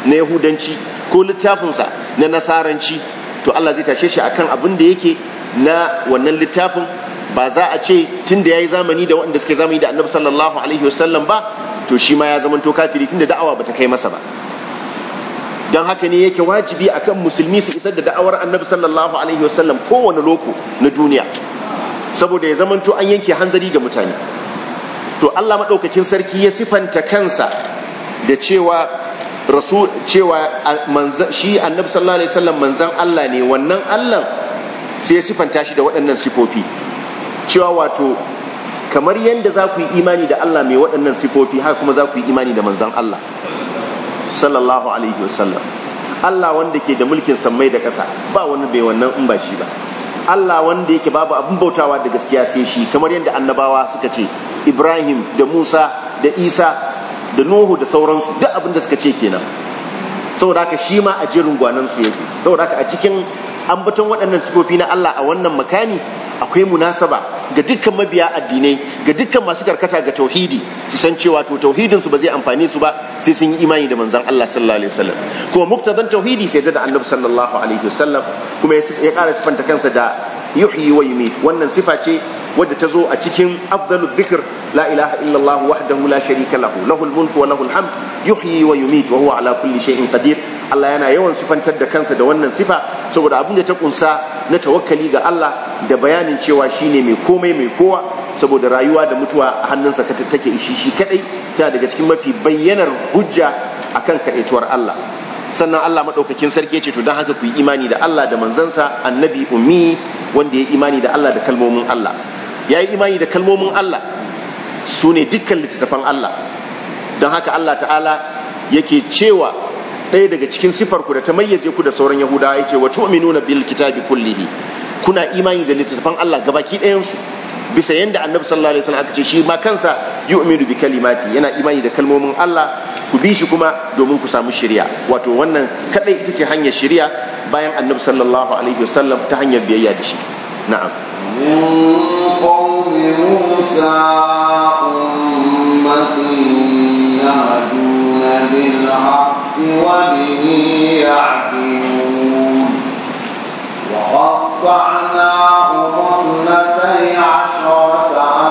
S1: na yahudanci ko littafinsa na nasaranci to Allah zai tashe shi akan abin da yake na wannan littafin ba za a ce tun da ya yi zamani da waɗanda suke zamani da annabi sallallahu alaihi wasallam ba to shi ma ya zamanto kafiri tun da da'awa ba ta kai masa ba don haka ne yake wajibi akan musulmi su isar da da'awar annabi sallallahu alaihi wasallam kowane loko na duniya saboda ya zamanto an yanke hanzari ga mutane to Allah maɗaukakin sarki ya sifanta kansa da cewa rasul cewa shi annabi sallallahu alaihi wasallam manzan Allah ne wannan Allah sai ya sifanta shi da waɗannan sifofi cewa wato kamar yadda za ku yi imani da Allah mai waɗannan sifofi haka kuma za ku yi imani da manzan Allah sallallahu alaihi wasallam Allah wanda ke da mulkin sammai da ƙasa ba wani bai wannan in ba shi ba Allah wanda yake babu abin bautawa da gaskiya sai shi kamar yadda annabawa suka ce Ibrahim da Musa da Isa da nuhu da sauransu duk abin da suka ce kenan saboda haka shi ma a jerin gwanan su yake saboda haka a cikin ambaton waɗannan sifofi na Allah a wannan makani akwai munasaba ga dukkan mabiya addinai ga dukkan masu karkata ga tauhidi su san cewa to tauhidin su ba zai amfane su ba sai sun yi imani da manzon Allah sallallahu alaihi wasallam kuma muktadan tauhidi sai da annabi sallallahu alaihi wasallam kuma ya ƙara sifanta kansa da yuhyi wa yumi wannan sifa ce wadda ta zo a cikin afdalu dhikr la ilaha illa Allah wahdahu la sharika lahu lahul mulku wa lahul hamd yuhyi wa yumit wa huwa ala kulli shay'in qadir Allah yana yawan sifantar da kansa da wannan sifa saboda abin da ta kunsa na tawakkali ga Allah da bayanin cewa shine mai komai mai kowa saboda rayuwa da mutuwa a hannunsa take ishi shi kadai ta daga cikin mafi bayyanar hujja akan kadaituwar Allah sannan Allah madaukakin sarki yace to dan haka ku yi imani da Allah da manzansa annabi ummi wanda ya yi imani da Allah da kalmomin Allah Ya yi imani da kalmomin Allah su ne dukkan littattafan Allah don haka Allah ta'ala yake cewa ɗaya daga cikin ku da ta mayyace ku da sauran yahudawa ya yace wa tu'minuna bil kitabi kullihi kuna imani da littattafan Allah gabaki ɗayan su bisa yadda annabi sallallahu alaihi wasallam aka ce shi ma kansa yu'minu bi kalimati yana imani da kalmomin Allah ku bi shi kuma domin ku samu shari'a wato wannan kadai ita ce hanyar shari'a bayan annabi sallallahu alaihi wasallam ta hanyar biyayya da shi na'am
S2: وقطعناهم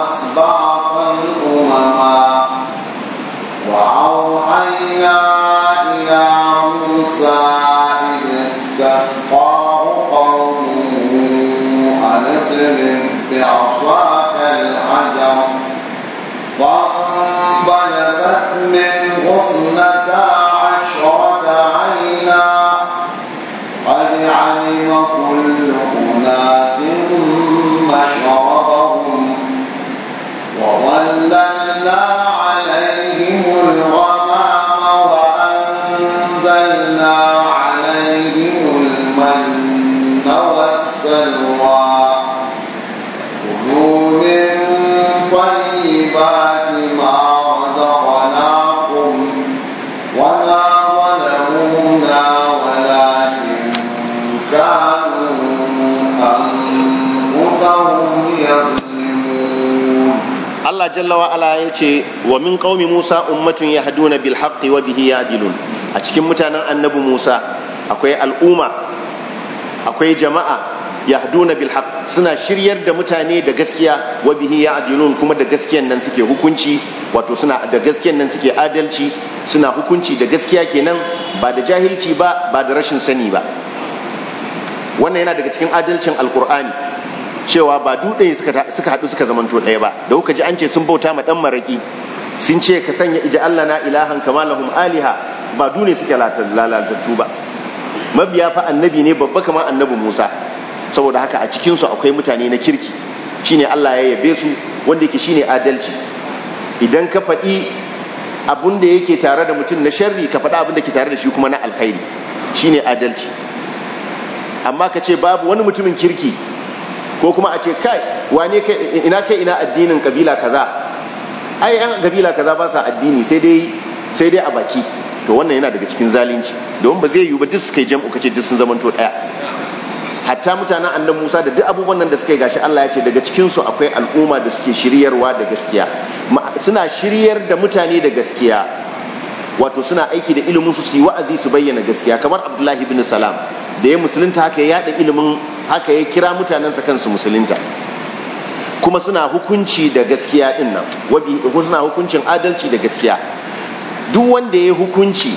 S2: أصبح
S1: jalla wa ala ya ce wa min qaumi Musa ummatun yahduna bil haqqi wa bihi yadilun a cikin mutanen annabi Musa akwai al'umma akwai jama'a yahduna bil haqq suna shiryar da mutane da gaskiya wa bihi yadilun kuma da gaskiyan nan suke hukunci wato suna da gaskiyan nan suke adalci suna hukunci da gaskiya kenan ba da jahilci ba ba da rashin sani ba wannan yana daga cikin adalcin alqur'ani cewa ba dutse suka haɗu suka zamanto ɗaya ba da kuka ji an ce sun bauta ma ɗan maraƙi sun ce ka sanya ija Allah na ilahan kama lahum aliha ba dune suke lalatattu ba mabiya fa annabi ne babba kamar annabi Musa saboda haka a cikin su akwai mutane na kirki shine Allah ya yabe su wanda yake shine adalci idan ka faɗi abun da yake tare da mutum na sharri ka faɗi abun da ke tare da shi kuma na alkhairi shine adalci amma ka ce babu wani mutumin kirki ko kuma a ce kai wane kai ina kai ina addinin kabila kaza ai yan kabila kaza ba sa addini sai dai sai dai a baki to wannan yana daga cikin zalunci domin ba zai yiwu ba duk suka yi jam'u kace duk sun to daya hatta mutanen Annabi Musa da duk abubuwan nan da suka yi gashi Allah ya ce daga cikin su akwai al'umma da suke shiryarwa da gaskiya suna shiryar da mutane da gaskiya wato suna aiki da ilimin su su yi wa'azi su bayyana gaskiya kamar Abdullahi ibn Salam da ya musulunta haka ya yada ilimin haka ya kira mutanensa kansu musulunta kuma suna hukunci da gaskiya din nan suna hukuncin adalci da gaskiya duk wanda ya hukunci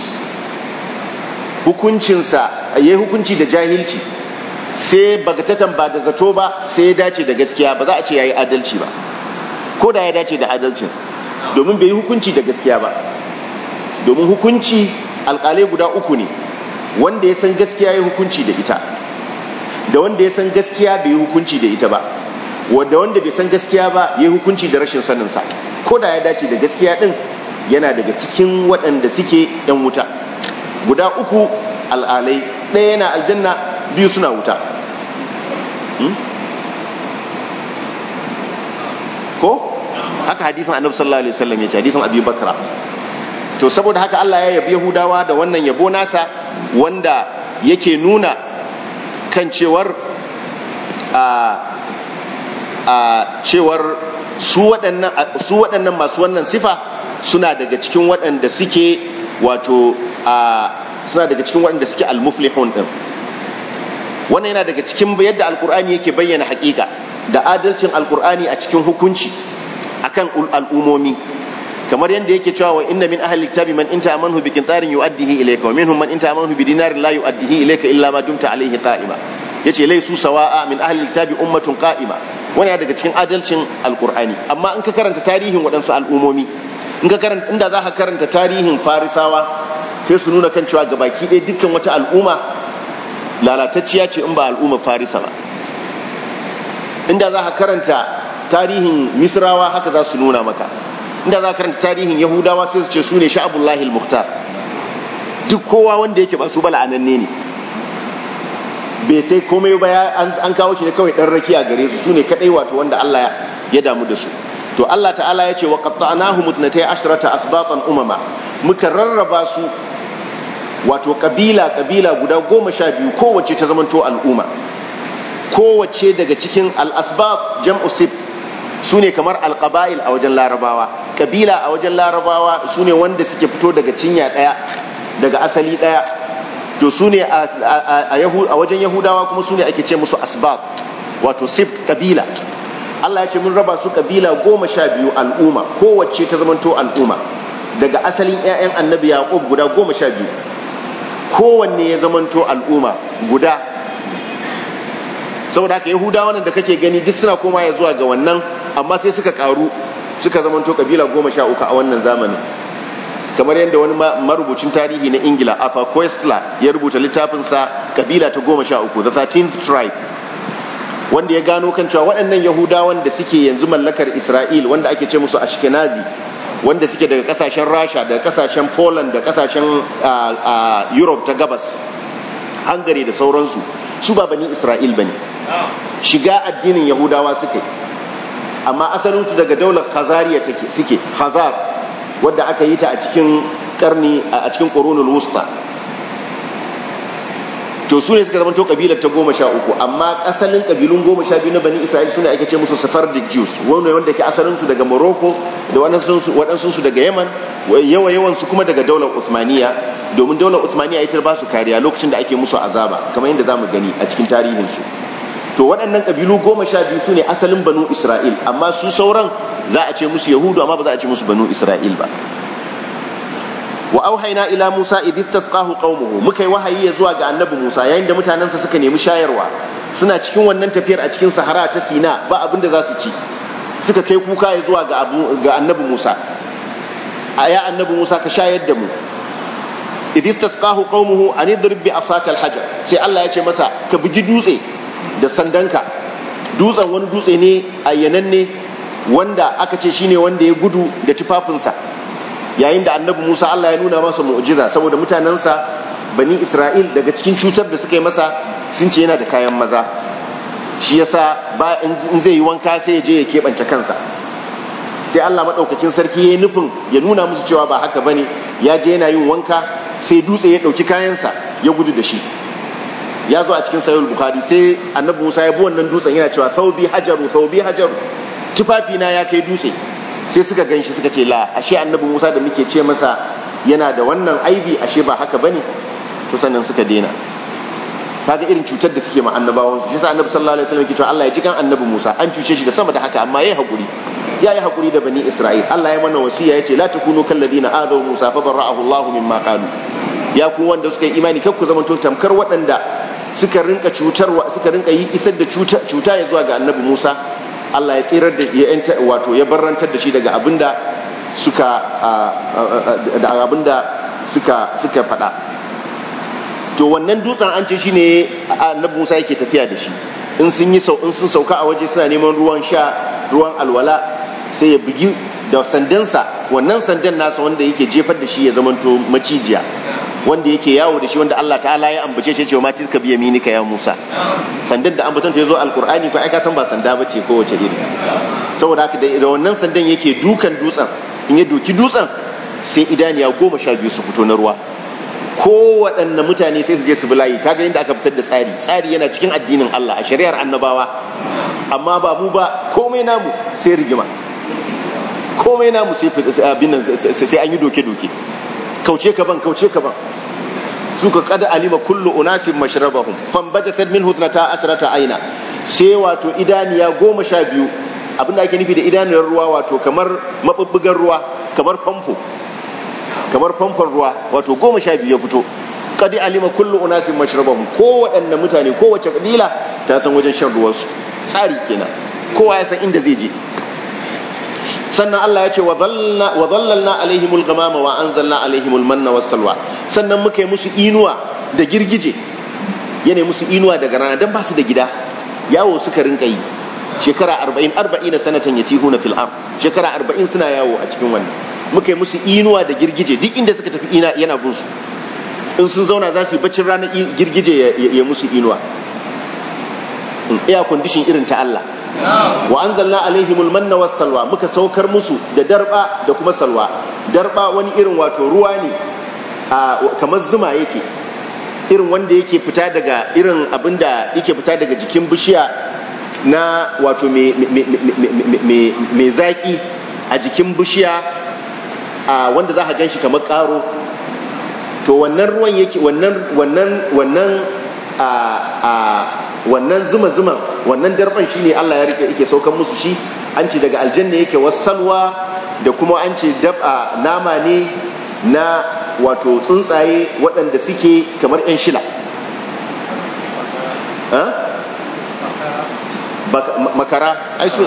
S1: hukuncinsa ya hukunci da jahilci sai bagatatan ba da zato ba sai ya dace da gaskiya ba za a ce ya yi adalci ba ko da ya dace da adalcin domin bai yi hukunci da gaskiya ba domin hukunci alkalai guda uku ne wanda ya san gaskiya ya hukunci da ita da wanda ya san gaskiya bai yi hukunci da ita ba wanda wanda bai san gaskiya ba ya yi hukunci da rashin saninsa. ko da ya dace da gaskiya din yana daga cikin waɗanda suke yan wuta guda uku al'alai ɗaya yana aljanna biyu suna wuta hmm? ko haka hadisin annabi sallallahu alaihi wasallam yace hadisin abi bakra to saboda haka Allah ya yabi yahudawa da wannan yabo nasa wanda yake nuna kan cewar cewar su waɗannan masu wannan sifa suna daga cikin waɗanda suke wato suna daga cikin waɗanda suke al-muflihun ɗin wannan yana daga cikin yadda alkur'ani yake bayyana hakika da adalcin alkur'ani a cikin hukunci akan al'umomi kamar yadda yake cewa wa inna min ahli kitabi man inta ta'amanhu bi qintarin yu'addihi ilayka wa minhum man inta ta'amanhu bi dinarin la yu'addihi ilayka illa ma dumta alayhi qa'ima yace laisu sawa'a min ahli kitabi ummatun qa'ima wani daga cikin adalcin alqur'ani amma in ka karanta tarihin waɗansu al'umomi in ka karanta inda za ka karanta tarihin farisawa sai su nuna kan cewa gabaki ɗaya dukkan wata al'umma lalatacciya ce in ba al'umma farisa ba inda za ka karanta tarihin misrawa haka za su nuna maka inda za ka karanta tarihin yahudawa sai su ce su ne sha'abullahi al-mukhtar duk kowa wanda yake basu su ba la'ananne ne bai tai komai ba an kawo shi ne kawai dan raki a gare su su ne kadai wato wanda Allah ya damu da su to Allah ta'ala ya ce wa qatta'nahu mutnatay ashrata asbatan umama muka rarraba su wato kabila kabila guda goma sha biyu kowace ta zamanto al'umma kowace daga cikin al-asbab jam'u sibt su ne kamar alƙaba'il a wajen larabawa ƙabila a wajen larabawa su ne wanda suke fito daga cinya ɗaya daga asali ɗaya to su ne a wajen yahudawa kuma su ne ake ce musu asbab wato sif ƙabila Allah ya ce mun raba su ƙabila goma sha biyu al'umma kowace ta zamanto al'umma daga asalin 'ya'yan annabi yaƙub guda goma sha biyu kowanne ya zamanto al'umma guda saboda haka yahudawa da kake gani duk suna koma ya zuwa ga wannan amma sai suka karu suka zamanto kabila goma sha uku a wannan zamanin kamar yadda wani marubucin tarihi na ingila arthur ya rubuta littafinsa kabila ta goma sha uku the 13th tribe wanda ya gano kan cewa waɗannan yahudawan da suke yanzu mallakar isra'il wanda ake ce musu ashkenazi wanda suke daga kasashen rasha daga kasashen poland da kasashen europe ta gabas Hangare da sauransu su ba bani isra'il ba shiga addinin yahudawa suke amma asalinsu daga daular khazariya take suke khazar wadda aka yi ta a cikin karni a cikin qurunul wusta to su ne suka zama to kabilar ta goma sha uku amma asalin kabilun goma sha biyu na bani isra'il suna ake ce musu sephardic jews wani wanda ke asalin su daga morocco da waɗansu su daga yaman yawa yawan su kuma daga daular usmaniya domin daular usmaniya ita ba su kariya lokacin da ake musu azaba kamar yadda za mu gani a cikin tarihin su to waɗannan ƙabilu goma sha biyu su ne asalin banu isra'il amma su sauran za a ce musu yahudu amma ba za a ce musu banu isra'il ba wa auhaina ila musa idh kahu qaumuhu muka yi wahayi ya zuwa ga annabi musa yayin da mutanansa suka nemi shayarwa suna cikin wannan tafiyar a cikin sahara ta sina ba abin da za su ci suka kai kuka ya zuwa ga annabi musa a ya annabi musa ka shayar da mu idh istasqahu qaumuhu an idrib bi asaka alhajar sai Allah ya ce masa ka bugi dutse da sandanka dutsen wani dutse ne yananne wanda aka ce shine wanda ya gudu da tufafinsa yayin da annabi Musa Allah ya nuna masa mu'jiza saboda mutanensa bani Isra'il daga cikin cutar da suka yi masa sun ce yana da kayan maza shi yasa ba in zai yi wanka sai ya je ya keɓance kansa sai Allah maɗaukakin sarki ya yi nufin ya nuna musu cewa ba haka bane ya je yana yin wanka sai dutse ya ɗauki kayansa ya gudu da shi ya zo a cikin sahihul bukari sai annabi musa ya bi wannan dutsen yana cewa Sa'ubi hajaru Sa'ubi hajaru tufafi na ya kai dutse sai suka ganshi suka ce la ashe annabi musa da muke ce masa yana da wannan aibi ashe ba haka bane to sannan suka dena kaga irin cutar da suke ma annabawan shi sa annabi sallallahu alaihi wasallam yake cewa Allah ya ji kan annabi Musa an cuce shi da sama da haka amma yayi hakuri ya yi hakuri da bani Isra'il Allah ya mana wasiya ce la takunu kal ladina adaw Musa fa barra'ahu Allah mimma qalu ya ku wanda suka yi imani kar ku tamkar waɗanda suka rinka cutarwa suka rinka yi isar da cuta ya zuwa ga annabi Musa Allah ya tsirar da ya wato ya barrantar da shi daga abinda suka da abinda suka suka faɗa to wannan dutsen an ce shine annabi Musa yake tafiya da shi in sun yi in sun sauka a waje suna neman ruwan sha ruwan alwala sai ya bugi da sandansa wannan sandan nasa wanda yake jefar da shi ya zamanto macijiya wanda yake yawo da shi wanda Allah ta'ala ya ambace shi cewa matir ka biya minika ya Musa sandan da ambaton ta yazo alqur'ani fa ai ka san ba sanda bace ko wace iri saboda haka da wannan sandan yake dukan dutsen in ya doki dutsen sai idaniya goma sha biyu su fito na ruwa Ko waɗanne mutane sai su je su bi layi kaga inda aka fitar da tsari tsari yana cikin addinin Allah a shari'ar annabawa amma ba mu ba komai namu sai rigima komai namu sai an yi doke-doke kauce ka ban kauce ka ban suka kada alima kullu unasin mashrabahum fambajasat minhu thnata asrata aina sai wato idaniya goma sha biyu abinda ake nufi da idaniyar ruwa wato kamar mabubbugan ruwa kamar famfo kamar famfon ruwa wato goma sha biyu ya fito kadi alima kullu unasin mashrabahum ko waɗanne mutane ko wace kabila ta san wajen shan ruwansu tsari kenan kowa ya san inda zai je sannan Allah ya ce wa zallalna alaihimul gamama wa zallalna alaihimul manna was salwa sannan muka yi musu inuwa da girgije yana musu inuwa daga rana don ba su da gida yawo suka rinka yi shekara 40 40 sanatan tihu na ard shekara 40 suna yawo a cikin wannan muka yi musu inuwa da girgije duk inda suka tafi ina yana gun su in sun zauna za su yi baccin rana girgije ya musu inuwa hmm, air condition irin ta Allah wa anzalna alaihimul manna was salwa muka saukar musu da darba da kuma salwa darba wani irin wato ruwa ne kamar zuma yake irin wanda yake fita daga irin abinda yake fita daga jikin bishiya na wato mai zaki a jikin bishiya wanda za a gan shi kamar karo to wannan ruwan yake wannan wannan wannan a wannan zuma zuma wannan darban shine Allah ya rike yake saukan musu shi an ce daga aljanna yake wasalwa da kuma an ce dab'a nama ne na wato tsuntsaye waɗanda suke kamar 'yan shila makara ai su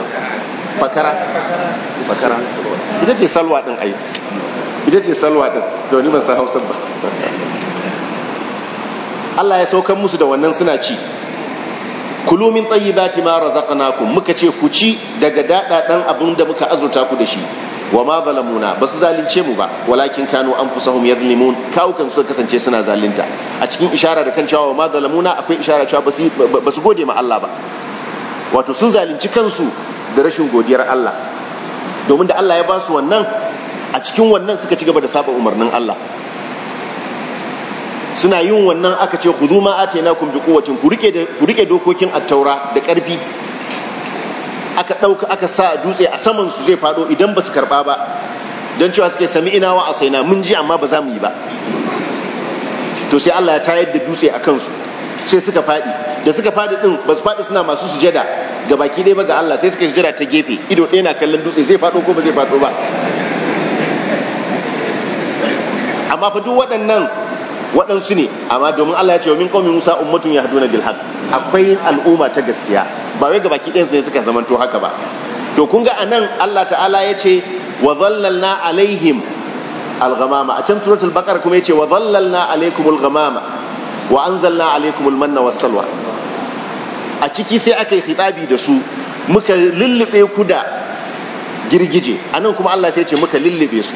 S1: fakara fakara ita ce salwa ɗin ai ita ce salwa ɗin, to ban san Hausa ba Allah ya saukan musu da wannan suna ci Kulumin min tayyibati ma razaqnakum muka ce ku ci daga dada dan abin da muka azurta ku da shi wa ma zalamuna basu zalunce mu ba walakin kanu anfusahum yadhlimun kawukan su kasance suna zalunta a cikin ishara da kan cewa wa ma zalamuna akwai ishara cewa basu basu gode ma Allah ba wato sun zalunci kansu da rashin godiyar Allah domin da Allah ya ba su wannan a cikin wannan suka ci gaba da saba umarnin Allah suna yin wannan aka ce ku zuma a tena kun bi kowacin ku rike dokokin attaura da ƙarfi aka ɗauka aka sa dutse a saman su zai faɗo idan ba su karɓa ba don cewa suke sami ina wa saina mun ji amma ba za mu yi ba to sai Allah ya tayar da dutse a kansu sai suka faɗi da suka faɗi ɗin ba su faɗi suna masu sujada ga baki ɗaya ba ga Allah sai suka sujada ta gefe ido ɗaya na kallon dutse zai faɗo ko ba zai faɗo ba amma fa duk waɗannan waɗansu ne amma domin Allah ya ce wa min qaumi Musa ummatun yahduna bil haqq akwai al'umma ta gaskiya ba wai gabaki ɗayan su ne suka zamanto haka ba to kun ga anan Allah ta'ala ya ce wa dhallalna alaihim al-ghamama a can suratul baqara kuma ya ce wa dhallalna alaikumul ghamama wa anzalna alaikumul manna was salwa a ciki sai aka yi hitabi da su muka lullube ku da girgije anan kuma Allah sai ya ce muka lullube su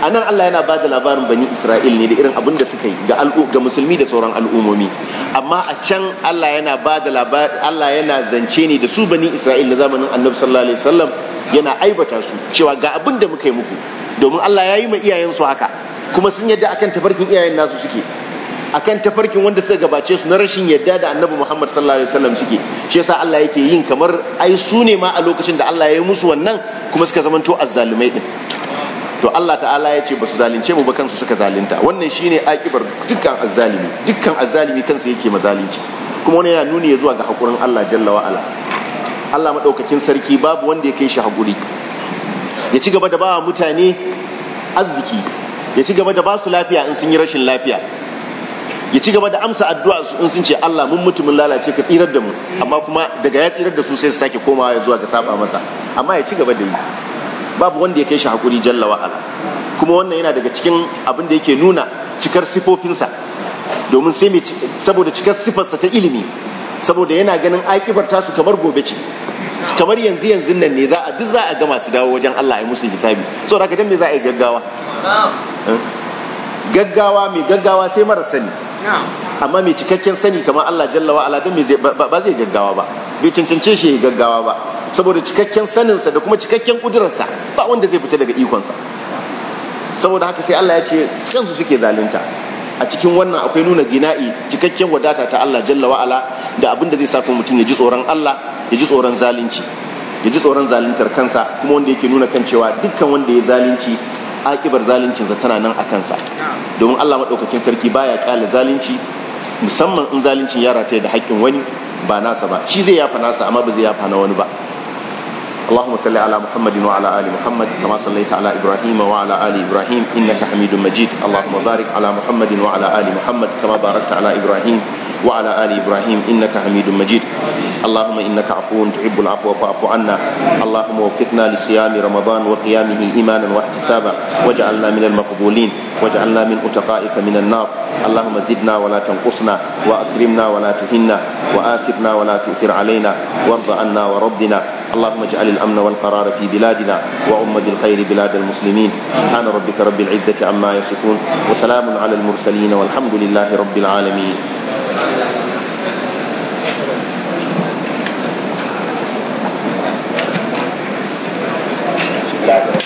S1: Anan Allah yana ba da labarin bani Isra'il ne da irin abin da suka yi ga musulmi da sauran al'ummomi amma a can Allah yana ba da Allah yana zance ne da su bani Isra'il na zamanin annabi sallallahu alaihi wasallam yana aibata su cewa ga abin da muka yi muku domin Allah ya yi ma iyayen su haka kuma sun yadda akan tafarkin iyayen nasu suke akan tafarkin wanda suka gabace su na rashin yadda da annabi Muhammad sallallahu alaihi wasallam suke shi yasa Allah yake yin kamar ai su ne ma a lokacin da Allah ya yi musu wannan kuma suka zamanto azzalumai din to Allah ta'ala ya ce ba su zalunce mu ba kansu suka zalunta wannan shi ne akibar dukkan azalimi dukkan azalimi kansa yake mazalunci kuma wani yana nuni ya zuwa ga haƙurin Allah jalla wa'ala Allah maɗaukakin sarki babu wanda ya kai shi hakuri ya ci gaba da ba wa mutane arziki ya ci gaba da ba su lafiya in sun yi rashin lafiya ya ci gaba da amsa addu'a su in sun ce Allah mun mutu mun lalace ka tsirar da mu amma kuma daga ya tsirar da su sai su sake komawa ya zuwa ga saba masa amma ya ci gaba da yi babu wanda ya kai shi hakuri jalla wa'ala kuma wannan yana daga cikin abin da yake nuna cikar sifofinsa domin sai mai saboda cikar sifarsa ta ilimi saboda yana ganin aikibar tasu kamar gobe ce kamar yanzu yanzu nan ne za a duk za a ga masu dawo wajen Allah ya musu hisabi so da dan me za a yi gaggawa eh? gaggawa mai gaggawa sai mara sani amma mai cikakken sani kamar Allah jalla wa ba zai gaggawa ba bai cancance shi gaggawa ba saboda cikakken saninsa da kuma cikakken kudurarsa ba wanda zai fita daga ikonsa saboda haka sai Allah ya ce kansu suke zalunta a cikin wannan akwai nuna gina'i cikakken wadata ta Allah jalla wa ala da abin da zai sa kuma mutum ya ji tsoron Allah ya ji tsoron zalunci ya ji tsoron zaluntar kansa kuma wanda yake nuna kan cewa dukkan wanda ya zalunci akibar zaluncinsa tana nan a kansa domin Allah maɗaukakin sarki baya ƙyale zalunci musamman in zalincin ya rataye da haƙƙin wani ba nasa ba shi zai yafa nasa amma ba zai yafa na wani ba اللهم صل على محمد وعلى ال محمد كما صليت على ابراهيم وعلى ال ابراهيم انك حميد مجيد اللهم بارك على محمد وعلى ال محمد كما باركت على ابراهيم وعلى ال ابراهيم انك حميد مجيد اللهم انك عفو تحب العفو فاعف عنا اللهم وفقنا لصيام رمضان وقيامه ايمانا واحتسابا واجعلنا من المقبولين واجعلنا من اتقائك من النار اللهم زدنا ولا تنقصنا واكرمنا ولا تهنا واثرنا ولا تؤثر علينا وارض عنا وردنا اللهم اجعل الأمن والقرار في بلادنا وأمة الخير بلاد المسلمين سبحان ربك رب العزة عما يصفون وسلام على المرسلين والحمد لله رب
S3: العالمين